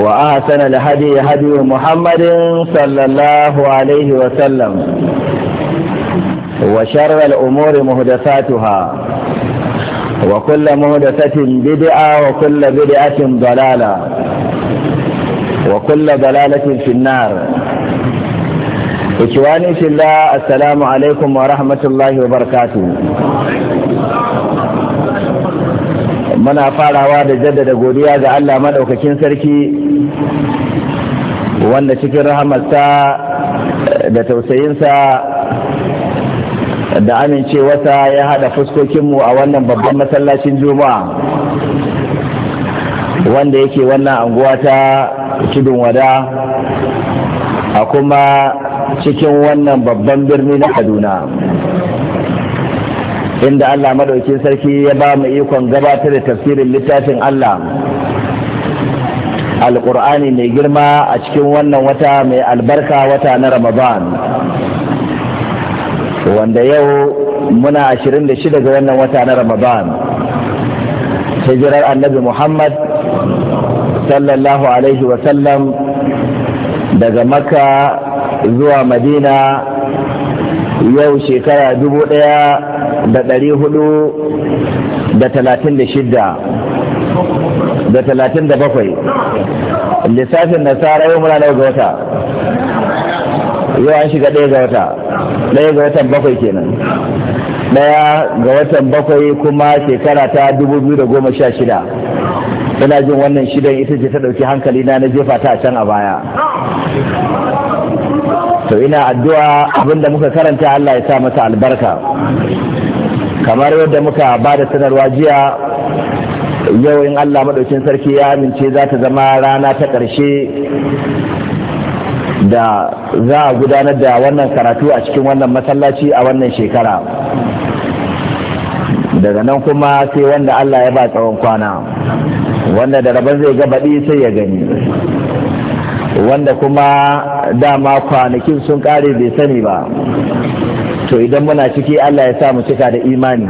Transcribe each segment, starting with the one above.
وأحسن الهدي هدي محمد صلى الله عليه وسلم وشر الأمور مهدفاتها وكل مهدفة بدعة وكل بدعة ضلالة وكل ضلالة في النار إخواني في الله السلام عليكم ورحمة الله وبركاته muna farawa da jaddada godiya ga Allah madaukakin sarki wanda cikin rahamarsa eh, da tausayinsa da amincewarsa ya haɗa fuskokinmu a wannan babban masallacin juma'a wanda yake wannan anguwa ta tudun wada a kuma cikin wannan babban birni na kaduna inda Allah madaukin sarki ya ba mu ikon gabatar da tafsirin littafin Allah alƙur'ani mai girma a cikin wannan wata mai albarka wata na ramadan wanda yau muna 26 ga wannan wata na ramadan hijirar annabi muhammad sallallahu alaihi wasallam daga makka zuwa madina yau shekara dubu ɗaya da ɗari hudu da talatin da shidda da talatin da bakwai lissafin nasara yau muna ga wata yau an shiga ɗaya ga wata ɗaya ga watan bakwai kenan ɗaya ga watan bakwai kuma shekara ta dubu biyu da goma sha shida ina jin wannan shidan ita ce ta ɗauki hankali na na jefa ta can a baya to ina addu'a abinda muka karanta Allah ya sa mata albarka kamar yadda muka ba da sanarwa jiya yau in allah maɗaukin sarki ya amince za ta zama rana ta ƙarshe da za a gudanar da wannan karatu a cikin wannan masallaci a wannan shekara daga nan kuma sai wanda allah ya ba tsawon kwana wanda da rabon zai gabaɗi sai ya gani wanda kuma dama kwanakin sun ƙare bai sani ba to idan muna ciki Allah ya sa mu cika da imani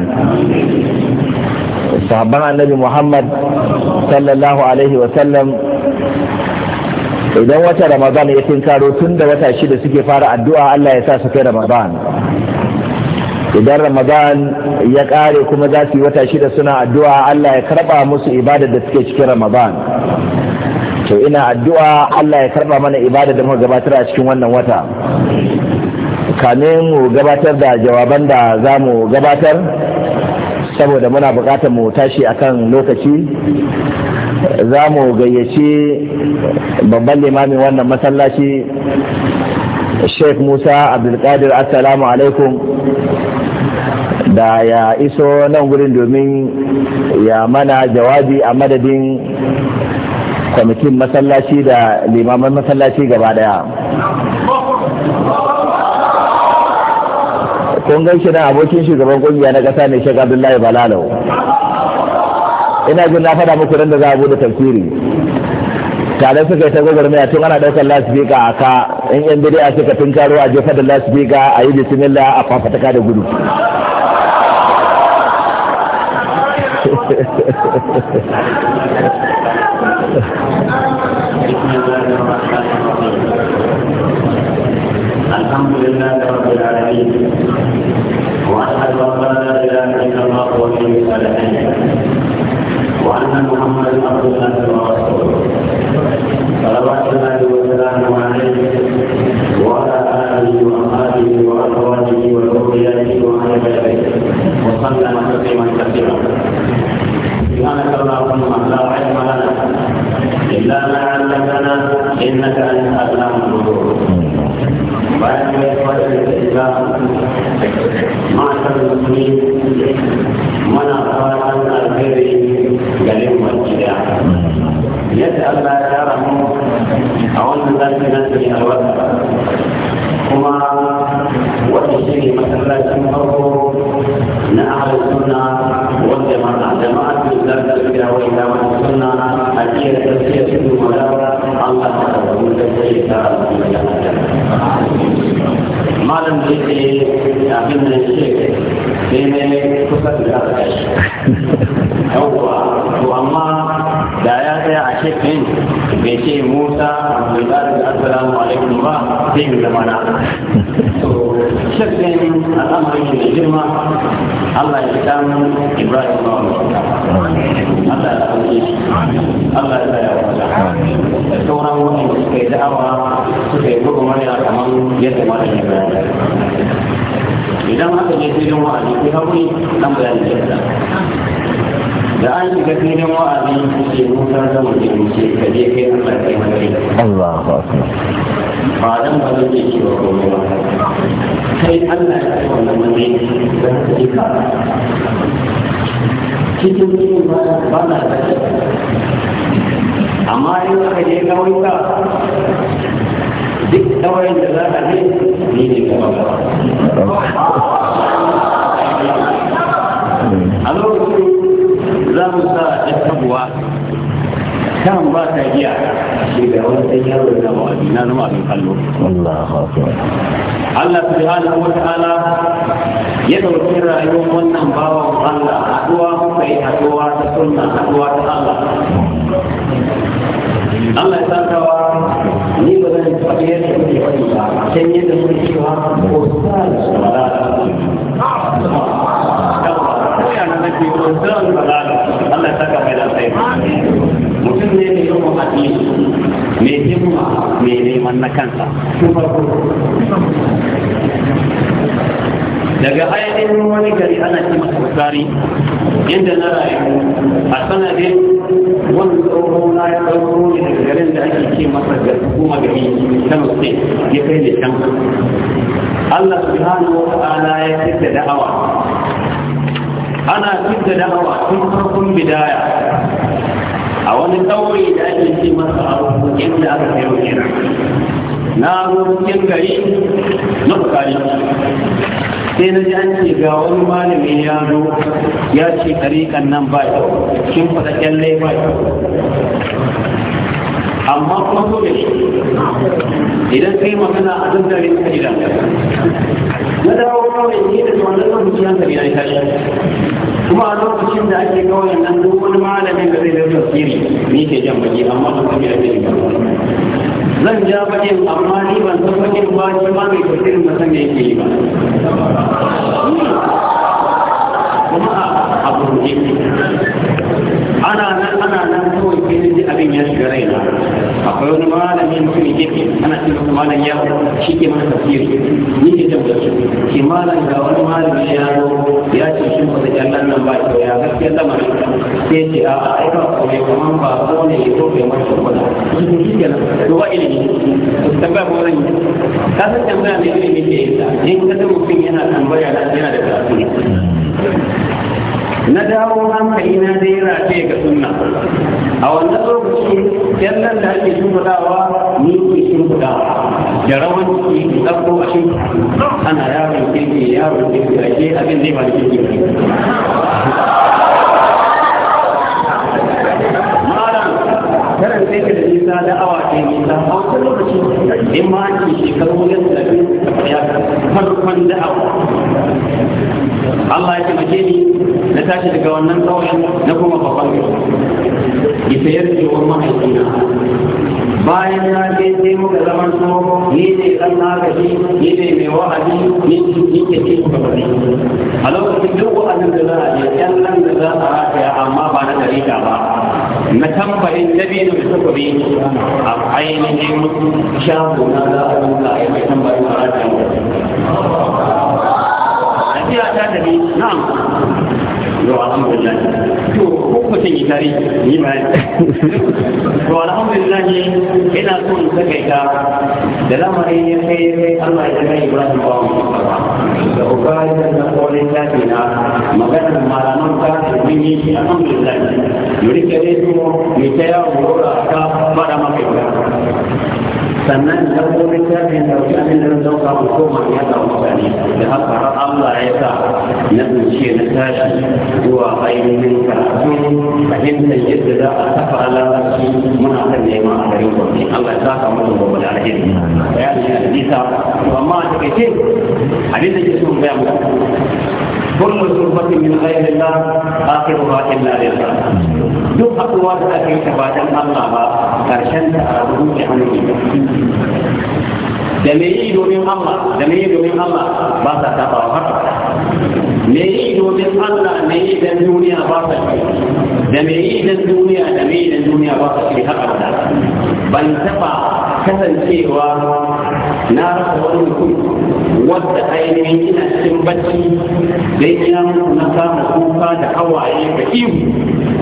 sahabban annabi Muhammad sallallahu alaihi wasallam idan wata ramadan ya tinkaro tun da wata shida suke fara addu'a Allah ya sa su kai ramadan idan ramadan ya kare kuma za su yi wata shida suna addu'a Allah ya karba musu ibadar da suke cikin ramadan to ina addu'a Allah ya karba mana ibadar da muka gabatar a cikin wannan wata kame mu gabatar da jawaban da za mu gabatar saboda muna bukatar mu tashi akan lokaci za mu gayyaci babban limamin wannan masallaci sheikh musa abdulkadir assalamu alaikum da ya iso nan gurin domin ya mana jawabi a madadin kwamitin masallaci da limaman masallaci gaba daya kun gan shi nan abokin shugaban kungiya na ƙasa ne Sheikh Abdullahi Balalo ina jin na faɗa muku nan da za a bude tafsiri tare suka yi ta gwagwarmaya tun ana ɗaukar lasifika a ka in yan bidiya suka tun karo a jefa da lasifika a yi bisimila a fafataka da gudu الله لا اله الا الله ولي الصالحين وان محمدا عبد ورسوله kwana so shakkar al'amarin shi da girma Allah ya dan Ibrahim ba Allah ya Allah ya tsaya sauran wani da suka yi da'awa suka yi kamar yadda idan aka je wa'azi ko dan bayani da an shiga filin wa'azi ke mutar ke kai Allah ba dan ba zai iya cewa komai ba kai Allah ya ce wannan matsayi da ka ji ka cikin cikin ba ba na da amma in aka je kawai ka duk kawai da za ka ne ni ne gaba a lokacin za mu sa ɗan tabuwa sham ba ta giya sai ga wani yaro na wa'adi na zama abin kallo Allahu akbar Allah subhanahu wa ta'ala ya dauki rayuwar wannan bawan Allah haduwa muka yi haduwa ta sunna haduwa ta Allah Allah ya sakawa ni ba zan taɓa yadda kuke wani ba can yadda kuke cewa ko sa da su ba da ko yana nake ko sa da Allah ya saka mai da sai mutum ne mai yawan hadisi mai himma mai neman na kansa daga ayyukan wani gari ana ce masa tsari inda na rayu a sanadin wani tsoho na ya tsoho ne daga garin da ake ce masa ga hukuma gari kano state ya kai da can Allah subhanahu wa ta'ala ya fitta da'awa ana fitta da'awa tun farkon bidaya a wani ƙauye da ake ce masa abu inda aka kai wa kira na zo cikin gari na bukari sai na ji an ce ga wani malami ya zo ya ce tariƙan nan ba kyau kin faɗa kyalle ba kyau amma kuma so da shi idan kai magana a duk dare suka ji na dawo kawai ne da tsohon da zan mutu hankali na tashi kuma a lokacin da ake kawai nan duk wani malamin da zai da tafsiri ni ke jan baki amma ban san me ake yi zan ja bakin amma ni ban san bakin ba shi ma mai tafsirin ba san me yake yi ba kuma a burge ana nan ana nan kawai sai abin ya shiga raina akwai wani malami mutum yake ana cin su malam ya shi ke mana tafsiri ni ne da wasu ke malam ga wani malami ya zo ya ce shi ba da jallan nan ba ke ya gaskiya lamarin sai ce a aika kawai kuma ba ko ne ya zo bai mata kula shi ke nan to ba ilimi tambaya ko zan ka san tambaya ne ilimi ke yi ta in ka mutum yana tambaya yana da karatu na dawo amma ina da ya rafe ga sunna a wannan lokaci yallan da ake shimfiɗawa ni ke shimfiɗawa da rawan ciki ɗauko a shimfiɗa ana yaron kirki yaron kirki a ke abin zai ba da kirki karan sai ka da nisa da awa ke nisa a wata lokaci in ma ake shekaru wajen talatin ya farkon da'awa Allah ya taimake ni na tashi daga wannan tsawon na kuma babban ya sayar da yawan mahaifina bayan na je sai muka zaman so ni ne dan magaji ni ne mai wa'azi ni ni ke ce ku bari a lokacin duk wa'azin da za a je ɗan nan da za a rataya amma ba na dariƙa ba na tambayin dabi da mutum gobe a ainihin shago na za a duka a yi mai tambayin a rataya. Ajiya ta tafi, na'am. yau alhamdulillah to ko kuma yi tare yi bayani to alhamdulillah ina so in takaita da lamarin ya kai ya kai Allah ya kai Ibrahim ba mu da ubayin da kolin tafi na maganar malaman ka da mun yi alhamdulillah yuri kare su mai ta yawo a ka fara maka sannan dabbobin tarihin da wasu abin da na dauka mu koma ya ga mutane da haka har Allah ya sa na zuciya na tashi zuwa ainihin karatu fahimtar yadda za a kafa alaƙaci muna kan nema a garin gwamnati Allah ya saka mu da gobe da alheri bayani ya da nisa amma a takaice abin da ke son gaya كل شربة من غير الله آخرها إلا لله duk haɗuwa da aka yi tabadan Allah ba ƙarshen ta a rubuce hannu da me yi domin Allah da me yi domin Allah ba sa taɓa haka me yi domin Allah me yi dan duniya ba sa ce da me yi dan duniya da me yi dan duniya ba sa ce haka ba ban taɓa kasancewa na rasa wani mutum wadda ainihin ina cikin bacci da ya muku na kama kuka da hawaye da ihu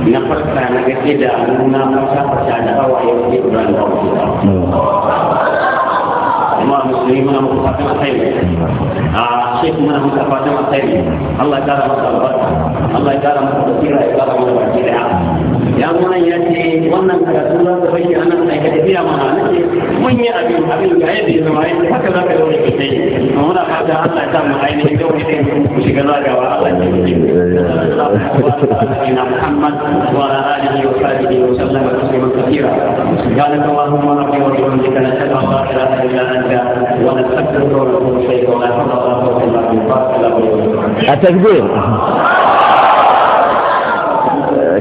na farka na ga da nuna fasa da hawaye da ihu da kuma musulmi muna muku fatan alkhairi a shek muna muku fatan alkhairi Allah ya kara masa albarka Allah ya kara masa basira ya kara masa baki da ya zo nan ya ce wannan karatu za ka bashi ana mai ka tafiya mana na ce mun yi abin abin ga yadda ya zama yadda haka za ka zaune ka sai amma muna fata Allah ya sa mu ainihin gauri da yanzu ku shiga zagawa Allah ya ce na Muhammad wa ala alihi wa sahbihi wa sallama taslima kathira سبحانك اللهم ربنا وبحمدك نشهد ان لا اله الا انت ونستغفرك ونتوب اليك ولا حول ولا قوه الا بالله التكبير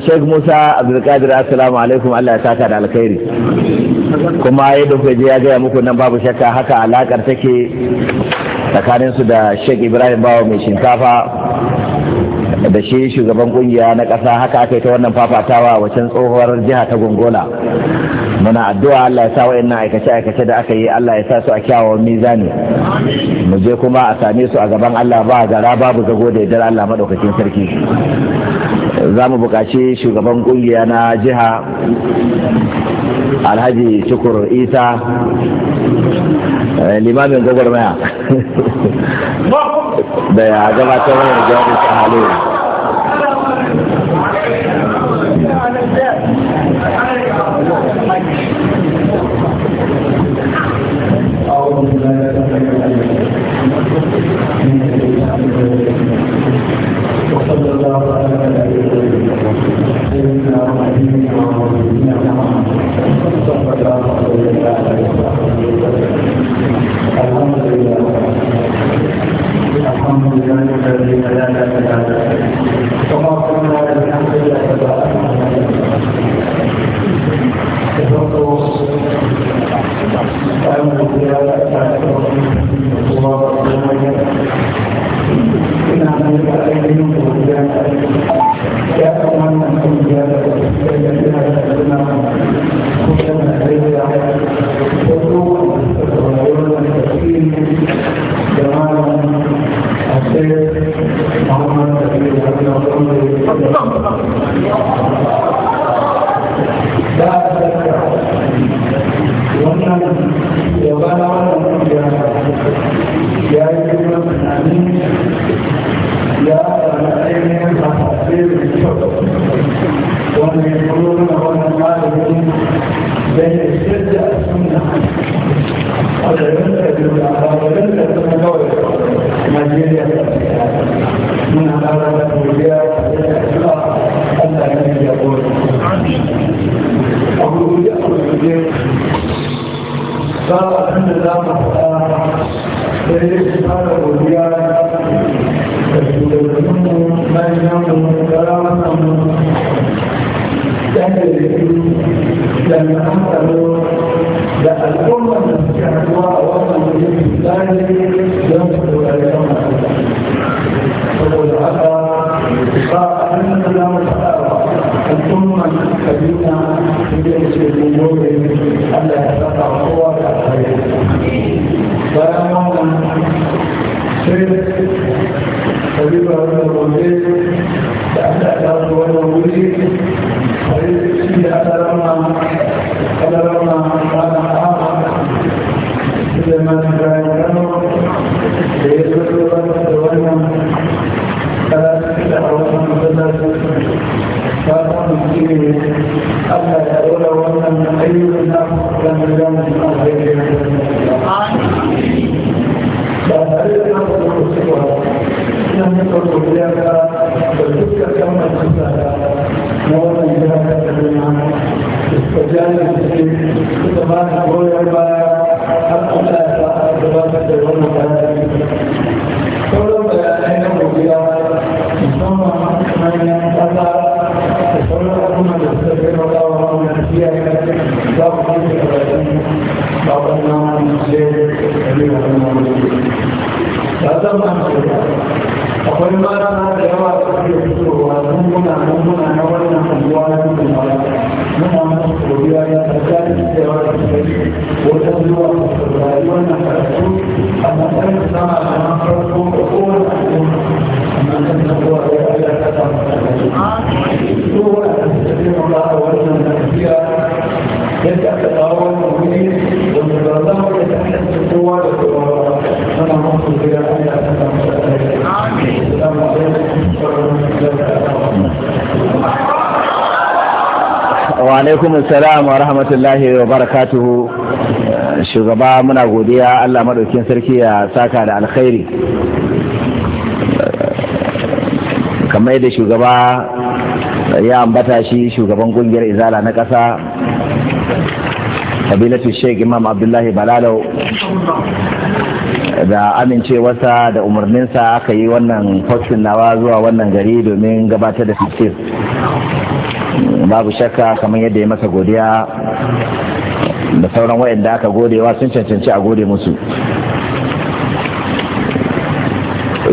Sheikh Musa Abdulkadir assalamu alaikum Allah ya saka da alkhairi kuma ai kuka je ya gaya muku nan babu shakka haka alakar take tsakanin su da Sheikh Ibrahim Bawa mai shinkafa da shi shugaban kungiya na ƙasa haka aka ta wannan fafatawa a wacan tsohuwar jiha ta Gongola muna addu'a Allah ya sa wa'annan aikace-aikace da aka yi Allah ya sa su a kyawawan mizani mu je kuma a same su a gaban Allah ba gara babu zago da idan Allah madaukakin sarki za mu bukaci shugaban kungiya na jiha alhaji shukur isa eh, limamin gwagwarmaya da ya gabatar da jawabin halin الحمد لله الذي لا اله الا هو abin da za mu faɗa wa al'umman kabila da ya ce mun gobe Allah ya saka kowa da kai bayan da alaikum assalam wa rahmatullahi wa barakatuhu shugaba muna godiya Allah madaukin sarki ya saka da alkhairi kamar da shugaba ya ambata shi shugaban kungiyar izala na kasa kabilatu Sheikh imam abdullahi balalau da amincewarsa da umarninsa aka yi wannan fotin nawa zuwa wannan gari domin gabatar da tafsir babu shakka kamar yadda ya masa godiya da sauran wayanda aka godewa sun cancanci a gode musu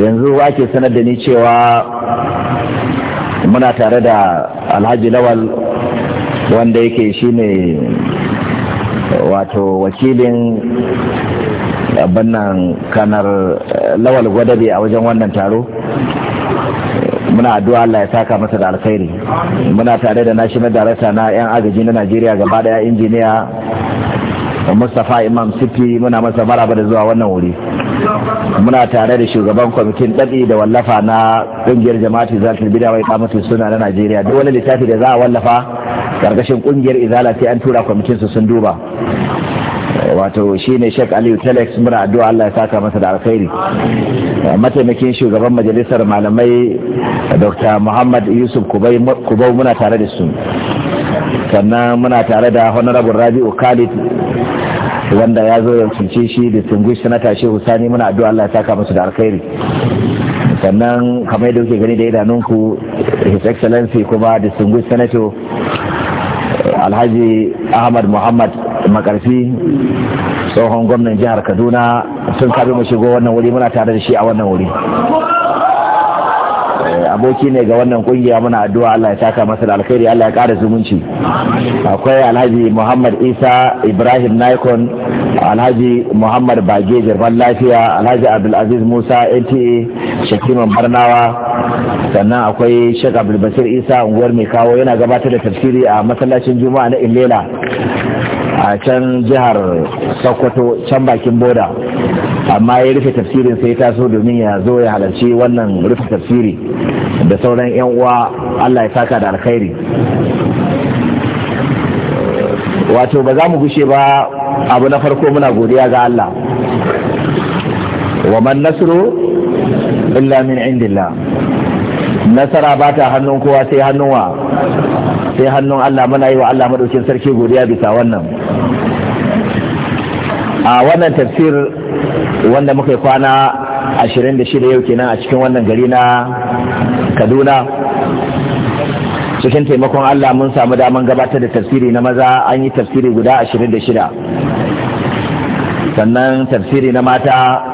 yanzu ake sanar da ni cewa muna tare da alhaji lawal wanda yake shine wato wakilin bannan kanar eh, lawal gwadabe a wajen wannan taro muna addu'a Allah ya saka masa da alkhairi muna tare da national director na yan agaji na Najeriya gaba daya injiniya Mustapha Imam Sifi muna masa maraba da zuwa wannan wuri muna tare da shugaban kwamitin dadi da wallafa na ƙungiyar jama'ati zalatul bid'a wai kamatu suna na Najeriya duk wani littafi da za a wallafa karkashin ƙungiyar izala sai an tura kwamitin su sun duba wato shi ne shek aliyu telex mura addu'a allah ya saka masa da alkhairi mataimakin shugaban majalisar malamai dr muhammad yusuf kubau muna tare da su sannan muna tare da honorable rabi'u khalid wanda ya zo ya cince shi da tungush sanata shehu husani muna addu'a allah ya saka masa da alkhairi sannan kamar yadda kuke gani da idanunku his excellency kuma da distinguished senator alhaji ahmad muhammad makarfi tsohon gwamnan jihar kaduna sun kabe mu shigo wannan wuri muna tare da shi a wannan wuri eh, aboki ne ga wannan kungiya muna addu'a Allah ya saka masa da alkhairi Allah ya kara zumunci akwai Alhaji Muhammad Isa Ibrahim naikon Alhaji Muhammad Bage Jarban Lafiya Alhaji Abdul Aziz Musa NTA Shakiman Barnawa sannan akwai Sheikh Abdul Basir Isa unguwar mai kawo yana gabatar da tafsiri a masallacin Juma'a na Ilela a can jihar sokoto can bakin boda amma ya rufe tafsirin sai ta so domin ya zo ya halarci wannan rufe tafsiri da sauran 'yan uwa allah ya saka da alkhairi wato ba za mu gushe ba abu na farko muna godiya ga allah wa man nasru illa min indillah nasara ba ta hannun kowa sai hannun wa sai hannun Allah muna yi wa Allah madaukin sarki godiya bisa wannan a wannan tafsir wanda muka kwana 26 yau kenan a cikin wannan gari na Kaduna cikin taimakon Allah mun samu daman gabatar da tafsiri na maza an yi tafsiri guda 26 sannan tafsiri na mata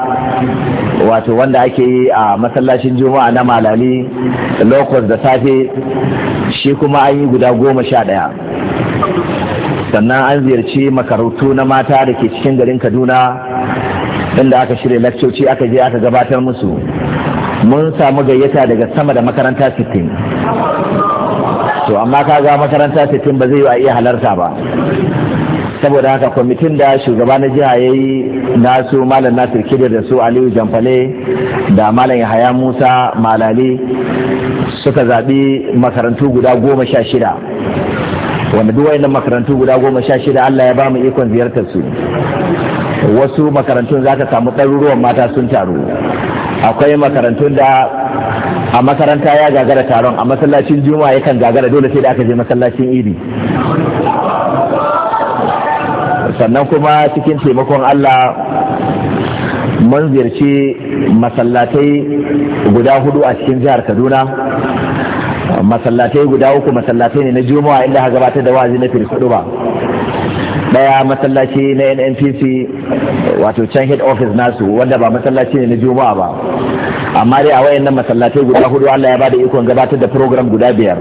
wato wanda ake yi a masallacin juma'a na malali lokos da safe shi kuma an yi guda goma sha ɗaya sannan an ziyarci makarantu na mata da ke cikin garin kaduna inda aka shirya lakcoci aka je aka gabatar musu mun samu gayyata daga sama da makaranta sittin. to amma kaga makaranta sittin ba zai yi a iya halarta ba saboda haka kwamitin da shugaba na jiha ya yi nasu malam nasir kidir da su aliyu jamfale da malam yahaya musa malali suka zaɓi makarantu guda goma sha shida wanda duk wayannan makarantu guda goma sha shida allah ya ba mu ikon ziyartar su wasu makarantun za ka samu ɗaruruwan mata sun taru akwai makarantun da a makaranta ya gagara taron a masallacin juma'a yakan gagara dole sai da aka je masallacin idi sannan kuma cikin taimakon Allah mun ziyarci masallatai guda hudu a cikin jihar Kaduna masallatai guda uku masallatai ne na juma'a inda ha gabatar da wazi na firkudu ba daya masallaci na nnpc wato can head office nasu wanda ba masallaci ne na juma'a ba amma dai a wayannan masallatai guda hudu allah ya bada ikon gabatar da program guda biyar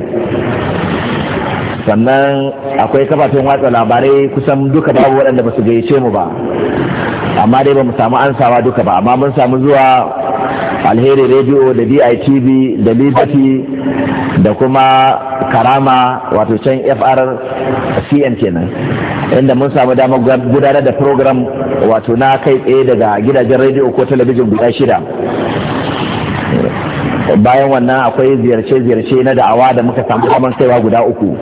sannan akwai kafafen watsa labarai kusan duka babu waɗanda ba su gayyace mu ba amma dai ba mu samu ansawa duka ba amma mun samu zuwa alheri radio da ditv da liberty da kuma karama wato can cn kenan inda mun samu damar gudanar da program wato na kai tsaye daga gidajen radio ko talabijin guda shida bayan wannan akwai ziyarce-ziyarce na da'awa da muka samu kaman kaiwa guda uku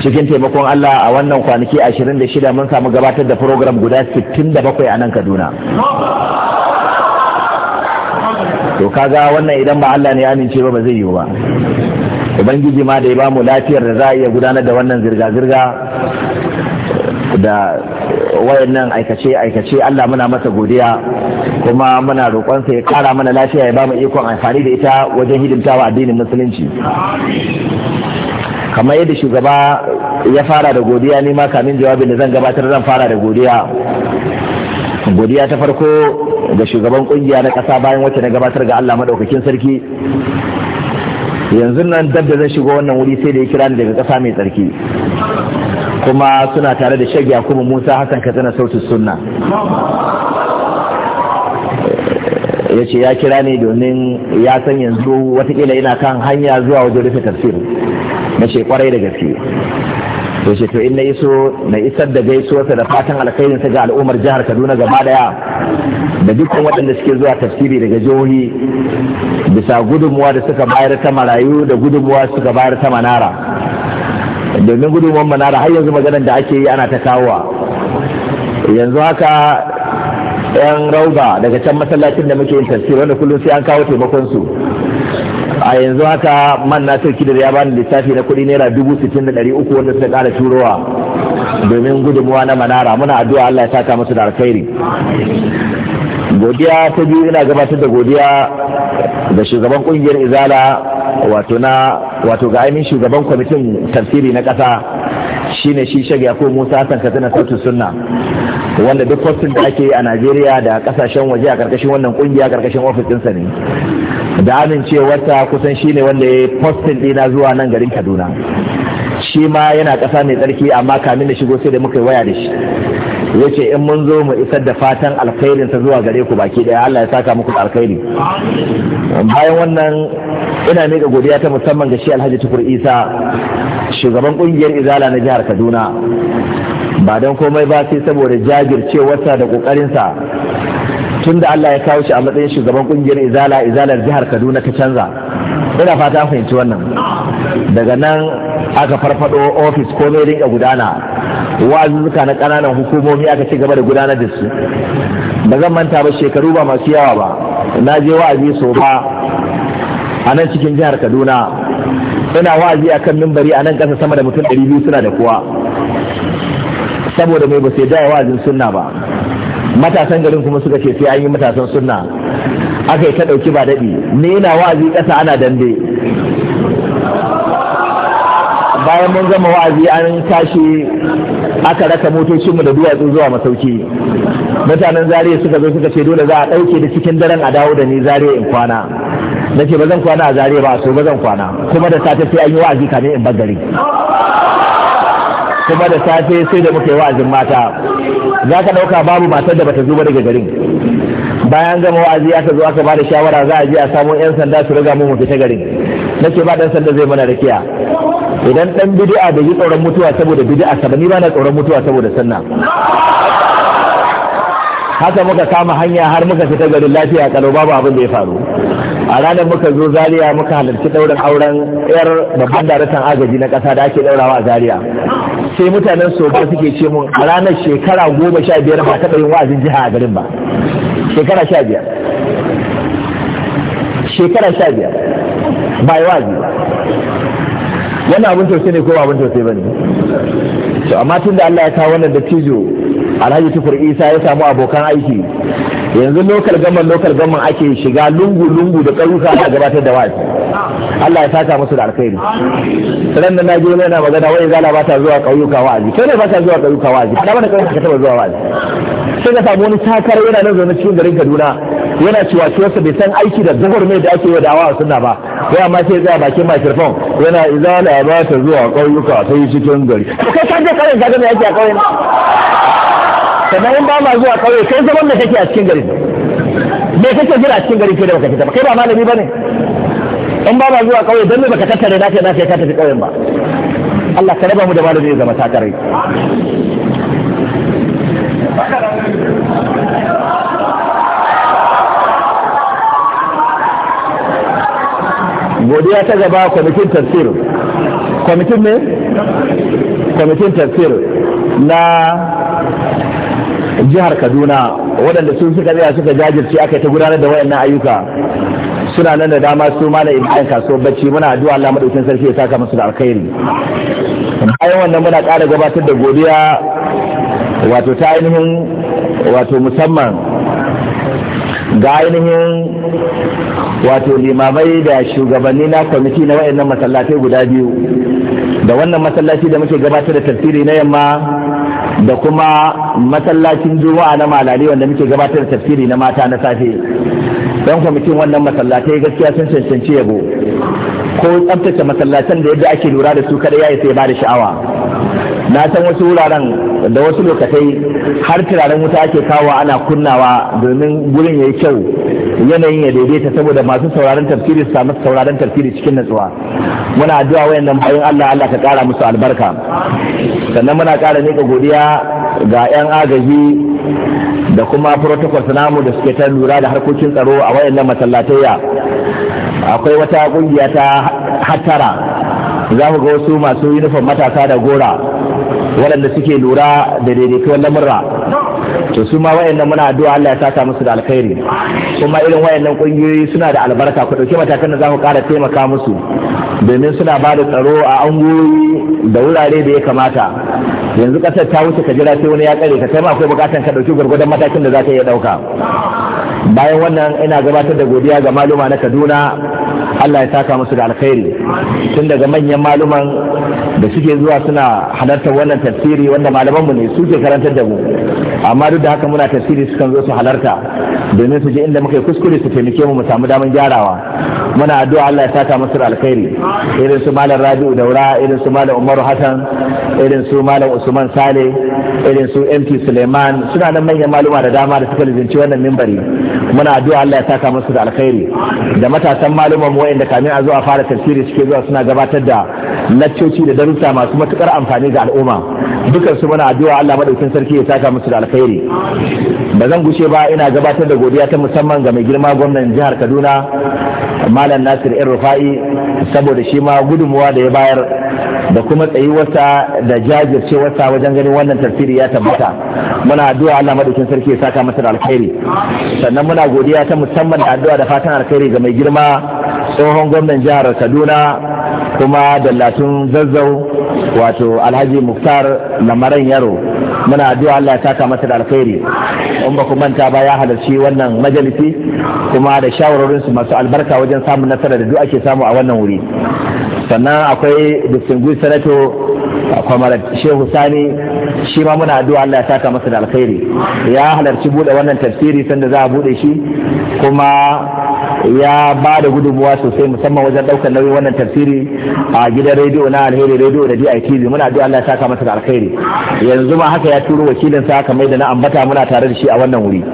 cikin taimakon Allah a wannan kwanaki 26 mun samu gabatar da program guda 67 a nan Kaduna to kaga wannan idan ba Allah ne ya amince ba zai yiwu ba ubangiji ma da ya ba mu lafiyar da za a iya gudanar da wannan zirga-zirga da wayannan aikace aikace Allah muna masa godiya kuma muna roƙon ya kara mana lafiya ya ba mu ikon amfani da ita wajen hidimtawa addinin musulunci kamar yadda shugaba ya fara da godiya ne ma kamin jawabin da zan gabatar zan fara da godiya godiya ta farko ga shugaban kungiya na ƙasa bayan wacce na gabatar ga Allah madaukakin sarki yanzu nan dab da zan shigo wannan wuri sai da ya kira ni daga ƙasa mai tsarki kuma suna tare da shagya kuma musa hassan katsina sautin sunna ya ce ya kira ne domin ya san yanzu watakila yana kan hanya zuwa wajen rufe tafsir na ce kwarai da gaske to ce to in na iso na isar da gaisuwarsa da fatan alkhairin ga al'ummar jihar Kaduna gaba daya da dukkan waɗanda suke zuwa tafsiri daga jihohi bisa gudunmuwa da suka bayar ta marayu da gudunmuwa suka bayar ta manara domin gudunmuwan manara har yanzu maganar da ake yi ana ta kawowa yanzu haka yan rauba daga can masallacin da muke yin tafsir wanda kullum sai an kawo taimakon su a yanzu haka man na sauki da ya bani lissafi na kuɗi naira dubu sittin da ɗari uku wanda suka kara turowa domin gudunmuwa na manara muna addu'a Allah ya saka musu da alkhairi godiya ta biyu ina gabatar da godiya da shugaban ƙungiyar izala wato na wato ga ainihin shugaban kwamitin tafsiri na ƙasa shine shi shag ko musa hassan katsina sautin sunna wanda duk kwastin da ake yi a najeriya da kasashen waje a karkashin wannan kungiya karkashin ofis ɗinsa ne da amincewarta kusan shi ne wanda ya postin ɗina zuwa nan garin kaduna shi ma yana ƙasa mai tsarki amma kamin da shigo sai da muka yi waya da shi ya ce in mun zo mu isar da fatan alkhairinsa zuwa gare ku baki daya allah ya saka muku alkhairi bayan wannan ina miƙa godiya ta musamman ga shi alhaji tukur isa shugaban ƙungiyar izala na jihar kaduna ba don komai ba sai saboda jajircewarsa da ƙoƙarinsa tun da allah ya kawo shi a matsayin shugaban ƙungiyar izala izalar jihar kaduna ta canza ina fata fahimci wannan daga nan aka farfado ofis komai rinka gudana wa'azuzzuka na ƙananan hukumomi aka ci gaba da gudanar da su ba zan manta ba shekaru ba masu yawa ba na je wa'azi so ba a nan cikin jihar kaduna ina wa'azi a kan mimbari a nan ƙasa sama da mutum 200 suna da kuwa saboda mai ba sai daya wa'azin sunna ba matasan garin kuma suka ce sai an yi matasan sunna aka yi ta ɗauki ba daɗi ni ina wa'azi ƙasa ana dande bayan mun gama wa'azi an tashi aka raka motocinmu da duwatsu zuwa masauki mutanen zariya suka zo suka ce dole za a ɗauke da cikin daren a dawo da ni zariya in kwana na ce ba zan kwana a zare ba so ba zan kwana kuma da safe sai an yi wa'azi kame in bagari kuma da safe sai da muke wa'azin mata za ka ɗauka babu matar da bata zuba daga garin bayan gama wa'azi aka zo aka ba da shawara za a je a samun 'yan sanda su riga mu mu fita garin ce ba dan sanda zai mana rakiya idan dan bid'a da yi tsoron mutuwa saboda bid'a sa ni ba na tsoron mutuwa saboda sannan. haka muka kama hanya har muka fita garin lafiya kano babu abin da ya faru a ranar muka zo zaria muka halarci ɗaurin auren yar babban daraktan agaji na ƙasa da ake ɗaurawa a zaria sai mutanen soba suke ce mun a ranar shekara goma sha biyar ba taɓa yin wa'azin jiha a garin ba shekara sha biyar shekara sha biyar ba yi wa'azi Wani wannan abin tausayi ne ko abin tausayi ba ne amma tun da Allah ya kawo wannan da tijo alhaji tukur isa ya samu abokan aiki yanzu lokal gaman lokal gaman ake shiga lungu lungu da ƙauyuka a gabatar da wa'azi Allah ya saka musu da alkhairi ran da naje yana magana wai zala ba ta zuwa ƙauyuka wa'azi kai ne ba ta zuwa ƙauyuka wa'azi ana mana ƙauyuka ka taba zuwa wa'azi sai ka samu wani takar yana nan zaune cikin garin Kaduna yana cewa cewa bai san aiki da zuhur mai da ake yi da awa sunna ba sai amma sai ya bakin makirfon yana izala ba ta zuwa ƙauyuka sai cikin gari kai ka je ƙauyen me ake a ƙauyen sannan in ba ma zuwa kauye kai zaman da kake a cikin gari me kake jira a cikin gari ke da baka fita ba kai ba malami bane in ba ma zuwa kauye dan me baka tattare na kai na kai ka tafi kauyen ba Allah ka raba mu da malami ya zama kare. godiya ta gaba kwamitin tafsir kwamitin ne kwamitin tafsir na jihar kaduna waɗanda sun suka tsaya suka jajirce aka ta gudanar da wayannan ayyuka suna nan da dama su ma na ibrahim kaso bacci muna addu'a Allah madaukakin sarki ya saka musu da alkhairi bayan wannan muna ƙara gabatar da godiya wato ta ainihin wato musamman ga ainihin wato limamai da shugabanni na kwamiti na wayannan masallatai guda biyu da wannan masallaci da muke gabatar da tafsiri na yamma da kuma masallacin juma'a na malari wanda muke gabatar da tafsiri na mata na safe don kwamitin wannan masallatai gaskiya sun cancanci yabo ko tsabtace masallatan da yadda ake lura da su kada ya sai ba da sha'awa na san wasu wuraren da wasu lokatai har turaren wuta ake kawo ana kunnawa domin gurin ya yi kyau yanayin ya daidaita saboda masu sauraron tafsiri su samu sauraron tafsiri cikin natsuwa muna addu'a nan bayan Allah Allah ka kara musu albarka sannan muna kara nika godiya ga 'yan agaji da kuma protocol namu da suke ta lura da harkokin tsaro a wayan nan masallatayya akwai wata kungiya ta hattara za ku ga wasu masu uniform matasa da gora waɗanda suke lura da daidaituwar lamurra to su ma wayannan muna addu'a Allah ya saka musu da alkhairi kuma irin wayannan kungiyoyi suna da albarka ku dauke matakan da za ku ƙara taimaka musu domin suna ba da tsaro a angoyi da wurare da ya kamata yanzu ƙasar ta wuce ka jira sai wani ya kare ka kai ma akwai buƙatar ka dauki gurgurdan matakin da za ka iya dauka bayan wannan ina gabatar da godiya ga maluma na Kaduna Allah ya saka musu da alkhairi tun daga manyan maluman da suke zuwa suna halartar wannan tafsiri wanda malamanmu ne suke karantar da mu amma duk da haka muna tasiri sukan zo su halarta domin su je inda muka yi kuskure su taimake mu mu samu daman gyarawa muna addu'a Allah ya saka musu alkhairi irin su malam Rabi'u Daura irin su malam Umar Hassan irin su malam Usman Sale irin su MP Suleiman suna nan manyan maluma da dama da suka lizinci wannan mimbari muna addu'a Allah ya saka musu da alkhairi da matasan mu wayanda kamin a zo a fara tafsiri suke zuwa suna gabatar da laccoci da darussa masu matukar amfani ga al'umma dukansu muna addu'a Allah madaukin sarki ya saka musu da alkhairi ba zan gushe ba ina gabatar da godiya ta musamman ga mai girma gwamnan jihar kaduna malam nasir yan rufa'i saboda shi ma gudunmuwa da ya bayar da kuma tsayuwarsa da jajircewarsa wajen ganin wannan tafsiri ya tabbata muna addu'a Allah madaukin sarki ya saka masa da alkhairi sannan muna godiya ta musamman da addu'a da fatan alkhairi ga mai girma tsohon gwamnan jihar Kaduna kuma dallatun zazzau wato Alhaji Muktar Lamaran Yaro muna addu'a Allah ya taka masa da alkhairi in ba ku manta ba ya halarci wannan majalisi kuma da shawarorin su masu albarka wajen samun nasara da duk ake samu a wannan wuri sannan akwai distinguished senator kwamar shehu sani shi ma muna addu'a Allah ya saka masa da alkhairi ya halarci bude wannan tafsiri sanda za a bude shi kuma ya ba da gudunmuwa sosai musamman wajen daukar nauyin wannan tafsiri a gidan rediyo na alheri rediyo da DITV muna addu'a Allah ya saka masa da alkhairi yanzu ma haka ya turo wakilin sa kamar da na ambata muna tare da shi a wannan wuri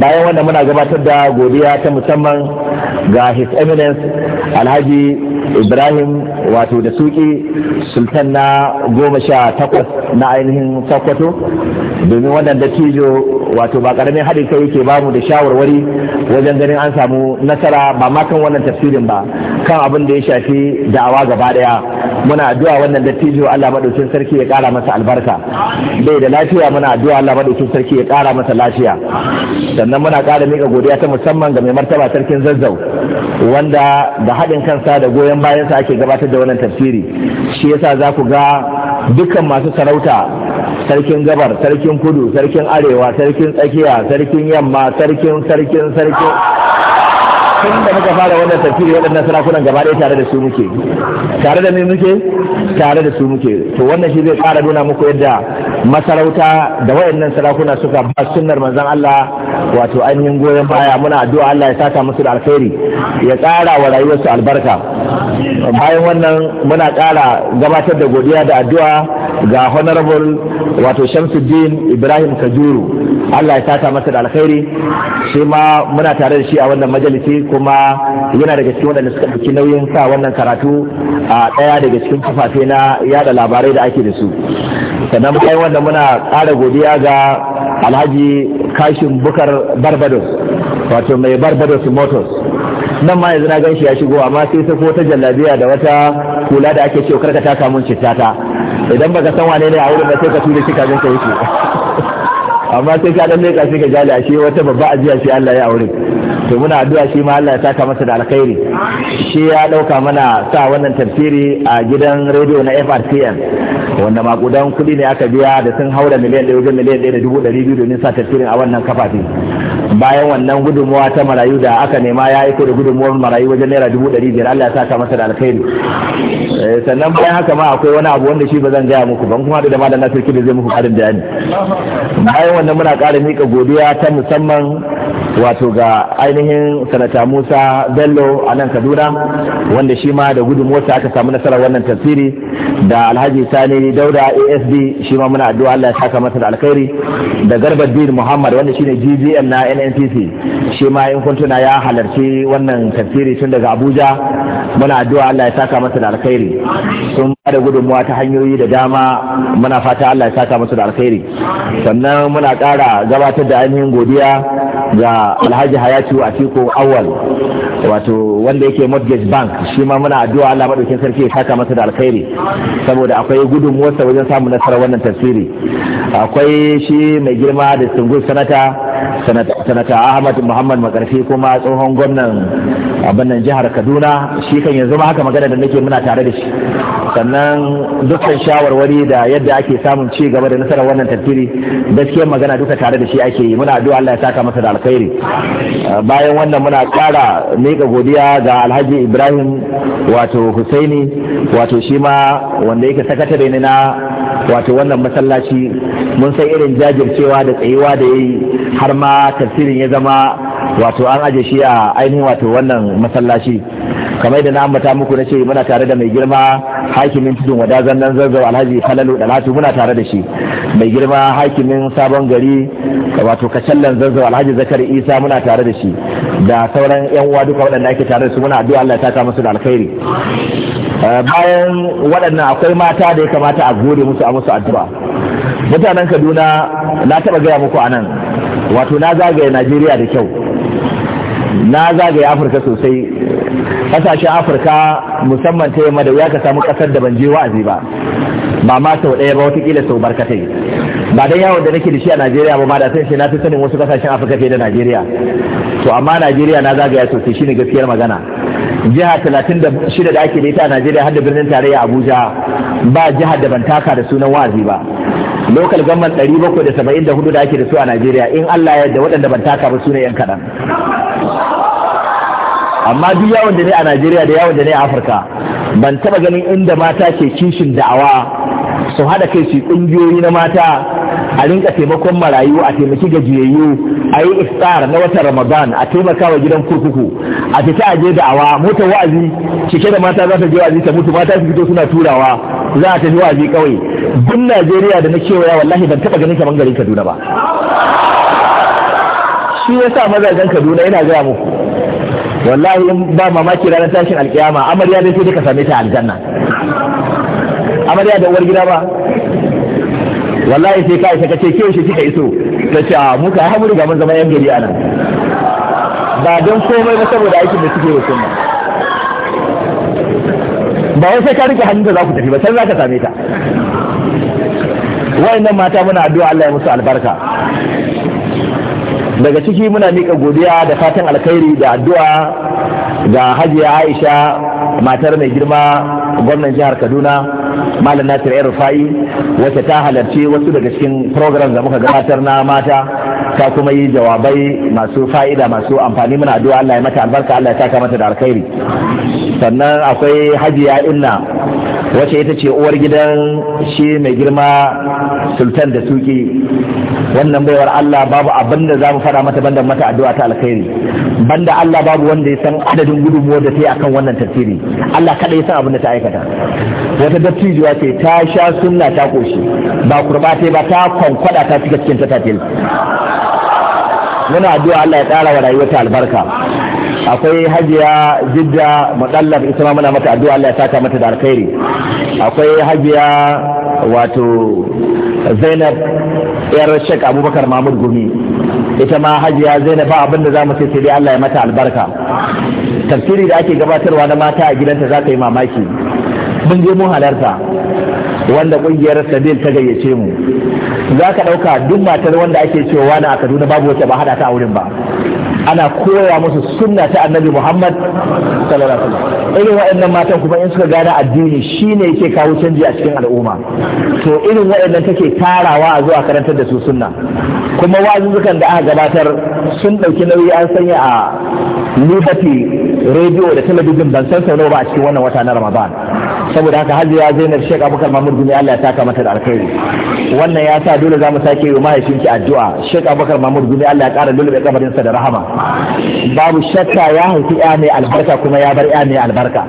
bayan wannan muna gabatar da godiya ta musamman ga his eminence alhaji ibrahim wato da suke sultan na goma sha takwas na ainihin sakwato domin wannan dattijo wato ba karamin haɗin kai ke bamu da shawarwari wajen ganin an samu nasara ba ma kan wannan tafsirin ba kan abin da ya shafi da'awa gaba daya muna addu'a wannan dattijo Allah madaukin sarki ya kara masa albarka bai da lafiya muna addu'a Allah madaukin sarki ya kara masa lafiya sannan muna ƙara mika godiya ta musamman ga mai martaba sarkin zazzau wanda da haɗin kansa da goyon bayansa ake gabatar da wannan tafsiri shi yasa za ku ga dukkan masu sarauta sarkin gabar sarkin kudu sarkin arewa sarkin tsakiya sarkin yamma sarkin sarkin sarkin tun da muka fara wannan tafsiri waɗannan sarakunan gaba ɗaya tare da su muke tare da muke tare da su muke to wannan shi zai fara nuna muku yadda masarauta da waɗannan sarakuna suka ba sunnar manzon Allah wato ainihin goyon baya muna addu'a Allah ya saka musu da alkhairi ya ƙara wa rayuwarsu albarka bayan wannan muna ƙara gabatar da godiya da addu'a ga honorable wato Shamsuddin Ibrahim Kajuru Allah ya sata masa da alkhairi shi ma muna tare da shi a wannan majalisi kuma yana daga cikin waɗanda suka ɗauki nauyin sa wannan karatu a ɗaya daga cikin kafafe na yada labarai da ake da su sannan bayan wanda muna ƙara godiya ga alhaji kashin bukar barbados wato mai barbados motors nan ma yanzu na gan shi ya shigo amma sai sako ta jallabiya da wata kula da ake cewa karka ta samun cittata idan baka san wane ne a wurin da sai ka tura shi kafin ka wuce amma sai ka dan leka sai ka a shi wata babba ajiya shi Allah ya aure to muna addu'a shi ma Allah ya saka masa da alkhairi shi ya dauka mana sa wannan tafsiri a gidan radio na FRCN wanda makudan kudi ne aka biya da sun haura miliyan ɗaya miliyan ɗaya da dubu ɗari domin sa tafsirin a wannan kafafi bayan wannan gudunmuwa ta marayu da aka nema ya aiko da gudunmuwar marayu wajen naira dubu ɗari biyar Allah ya sa masa da alkhairi eh, sannan bayan haka ma akwai wani abu wanda shi ba zan gaya muku ban kuma da malam Nasir Kidi zai muku karin bayani bayan wannan muna ƙara mika godiya ta musamman wato ga ainihin sanata musa bello a nan kaduna wanda shi ma da gudun mota aka samu nasarar wannan tasiri da alhaji sani dauda asd shi ma muna addu'a allah ya saka masa da alkhairi da din muhammad wanda shine GBM na nnpc shi ma in kuntuna ya halarci wannan tasiri tun daga abuja muna addu'a allah ya saka masa da alkhairi sun ba da gudunmuwa ta hanyoyi da dama muna fata allah ya saka masa da alkhairi sannan muna ƙara gabatar da ainihin godiya ga alhaji hayatu a tiko awal wato wanda yake mortgage bank shi ma muna addu'a Allah madaukin sarki ya saka masa da alkhairi saboda akwai gudunmuwarsa wajen samun nasarar wannan tafsiri akwai shi mai girma da sanata sanata ahmad muhammad makarfi kuma tsohon gwamnan abin nan jihar kaduna shi kan yanzu ma haka magana da nake muna tare da shi sannan dukkan shawarwari da yadda ake samun ci gaba da nasarar wannan tafiri gaskiyar magana duka tare da shi ake yi muna addu'a Allah ya saka masa da alkhairi bayan wannan muna ƙara miƙa godiya ga Alhaji Ibrahim wato Husaini wato shi ma wanda yake sakatare ne na wato wannan masallaci mun san irin jajircewa da tsayuwa da yayi har ma tafsirin ya zama wato an aje shi a ainihin wato wannan masallaci kamar da na ambata muku na ce muna tare da mai girma hakimin tudun wada nan zazzau alhaji falalu dalatu muna tare da shi mai girma hakimin sabon gari wato kacallan zazzau alhaji zakar isa muna tare da shi da sauran yan uwa duka waɗanda ake tare da su muna addu'a Allah ya taka musu da alkhairi eh, bayan waɗannan akwai mata da ya kamata a gode musu a musu addu'a mutanen kaduna na taɓa gaya muku a nan, wato na zagaye najeriya da kyau na zagaye afirka sosai kasashen afirka musamman ta yamma da ya ka samu kasar da ban je wa'azi ba ba ma sau ɗaya ba watakila sau barkatai ba dan yawon da nake da shi a najeriya ba ma da sai na fi sanin wasu kasashen afirka fiye da najeriya to amma najeriya na zagaya sosai shine gaskiyar magana jiha talatin da shida da ake da ita a najeriya har da birnin tarayya abuja ba jihar da ban taka da sunan wa'azi ba lokal gamman 774 da ake da su a Najeriya in Allah ya yadda waɗanda ban taka ba su ne 'yan kaɗan amma duk yawon da ne a najeriya da yawon da ne a afirka ban taba ganin inda mata ke kishin da'awa su haɗa kai su ƙungiyoyi na mata a rinka taimakon marayu a taimaki gajiyayyu a yi iftar na watan ramadan a taimaka wa gidan kurkuku a fita a je da'awa mota wa'azi cike da mata za ta je wa'azi ta mutu mata su fito suna turawa za a tafi wa'azi kawai duk najeriya da na kewaya wallahi ban taba ganin kaman garin kaduna ba shi yasa mazajen kaduna yana gaya muku wallahi in ba mamaki ranar tashin alkiyama amarya dai sai ka same ta aljanna amarya da uwar gida ba wallahi sai ka isa kace kiyo shi kika iso ta ce a ah, muka ha mu riga mun zama yan gari anan ba don komai ba saboda aikin da suke wasu ba ba wai sai ka rike hannun da za ku tafi ba sai za ka same ta wayannan mata muna addu'a Allah ya musu albarka daga ciki muna mika godiya da fatan alkhairi da addu'a ga hajiya aisha matar mai girma gwamnan jihar kaduna malam nasir yan rufa'i wacce ta halarci wasu daga cikin program da muka gabatar na mata ta kuma yi jawabai masu fa'ida masu amfani muna addu'a allah ya mata albarka allah ya saka mata da alkhairi sannan akwai hajiya inna wacce ita ce uwar gidan shi mai girma sultan da suki wannan baiwar Allah babu abinda da za mu fara mata banda mata addu'a ta alkhairi banda Allah babu wanda ya san adadin gudunmuwar da ta yi akan wannan tafsiri Allah kada ya san abin da ta aikata wata dattijuwa ce ta sha sunna ta koshi ba kurba ta ba ta kwankwada ta cika cikin ta tatil muna addu'a Allah ya tsara wa rayuwarta albarka akwai hajiya jidda matsalar ita muna mata addu'a Allah ya saka mata da alkhairi akwai hajiya wato zainab yar shek abubakar mahmud gumi ita ma hajiya zainab ba abinda za mu ce sai dai Allah ya mata albarka tafsiri da ake gabatarwa na mata a gidanta za ta yi mamaki mun je mu halarta wanda kungiyar sabil ta gayyace mu za ka ɗauka duk matar wanda ake cewa na a kaduna babu wacce ba haɗa ta a wurin ba ana koya musu sunna ta annabi muhammad sallallahu alaihi wasallam irin waɗannan matan kuma in suka gane addini shine yake kawo canji a cikin al'umma to irin waɗannan take tarawa a zuwa karantar da su sunna kuma wazuzzukan da aka gabatar sun ɗauki nauyi an sanya a liberty rediyo da talabijin ban san sau nawa ba a cikin wannan wata na ramadan saboda haka hajiya zainab shek abubakar mahmud gumi allah ya taka mata da alkhairi wannan ya sa dole za mu sake yi mahaifinki addu'a shek abubakar mahmud gumi allah ya kara lulluɓe kabarinsa da rahama babu shakka ya haifi ya mai albarka kuma ya bar ya mai albarka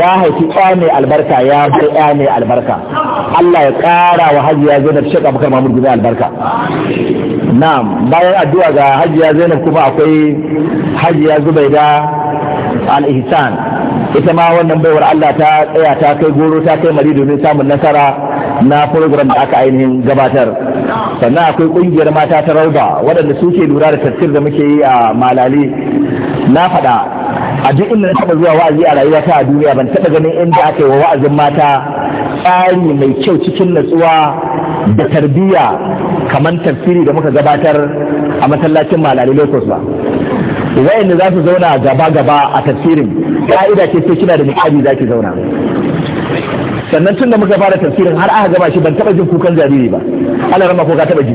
ya haifi ya mai albarka ya bar ya mai albarka allah ya kara wa hajiya zainab shek abubakar mahmud gumi albarka na'am bayan addu'a ga hajiya zainab kuma akwai hajiya zubaida al-ihsan ita ma wannan baiwar Allah ta tsaya ta kai goro ta kai mari domin samun nasara na program da aka ainihin gabatar sannan akwai kungiyar mata ta rauda waɗanda suke lura da tafsir da muke yi a malali na faɗa a duk inda na taɓa zuwa wa'azi a rayuwata a duniya ban taɓa ganin inda aka yi wa wa'azin mata tsari mai kyau cikin natsuwa da tarbiyya kamar tafsiri da muka gabatar a masallacin malali lokos ba wayanda za su zauna gaba gaba a tafsirin ka'ida ce sai kina da niqabi za ki zauna sannan tun da muka fara tafsirin har aka gaba shi ban taba jin kukan jariri ba Allah rama ko ka taba ji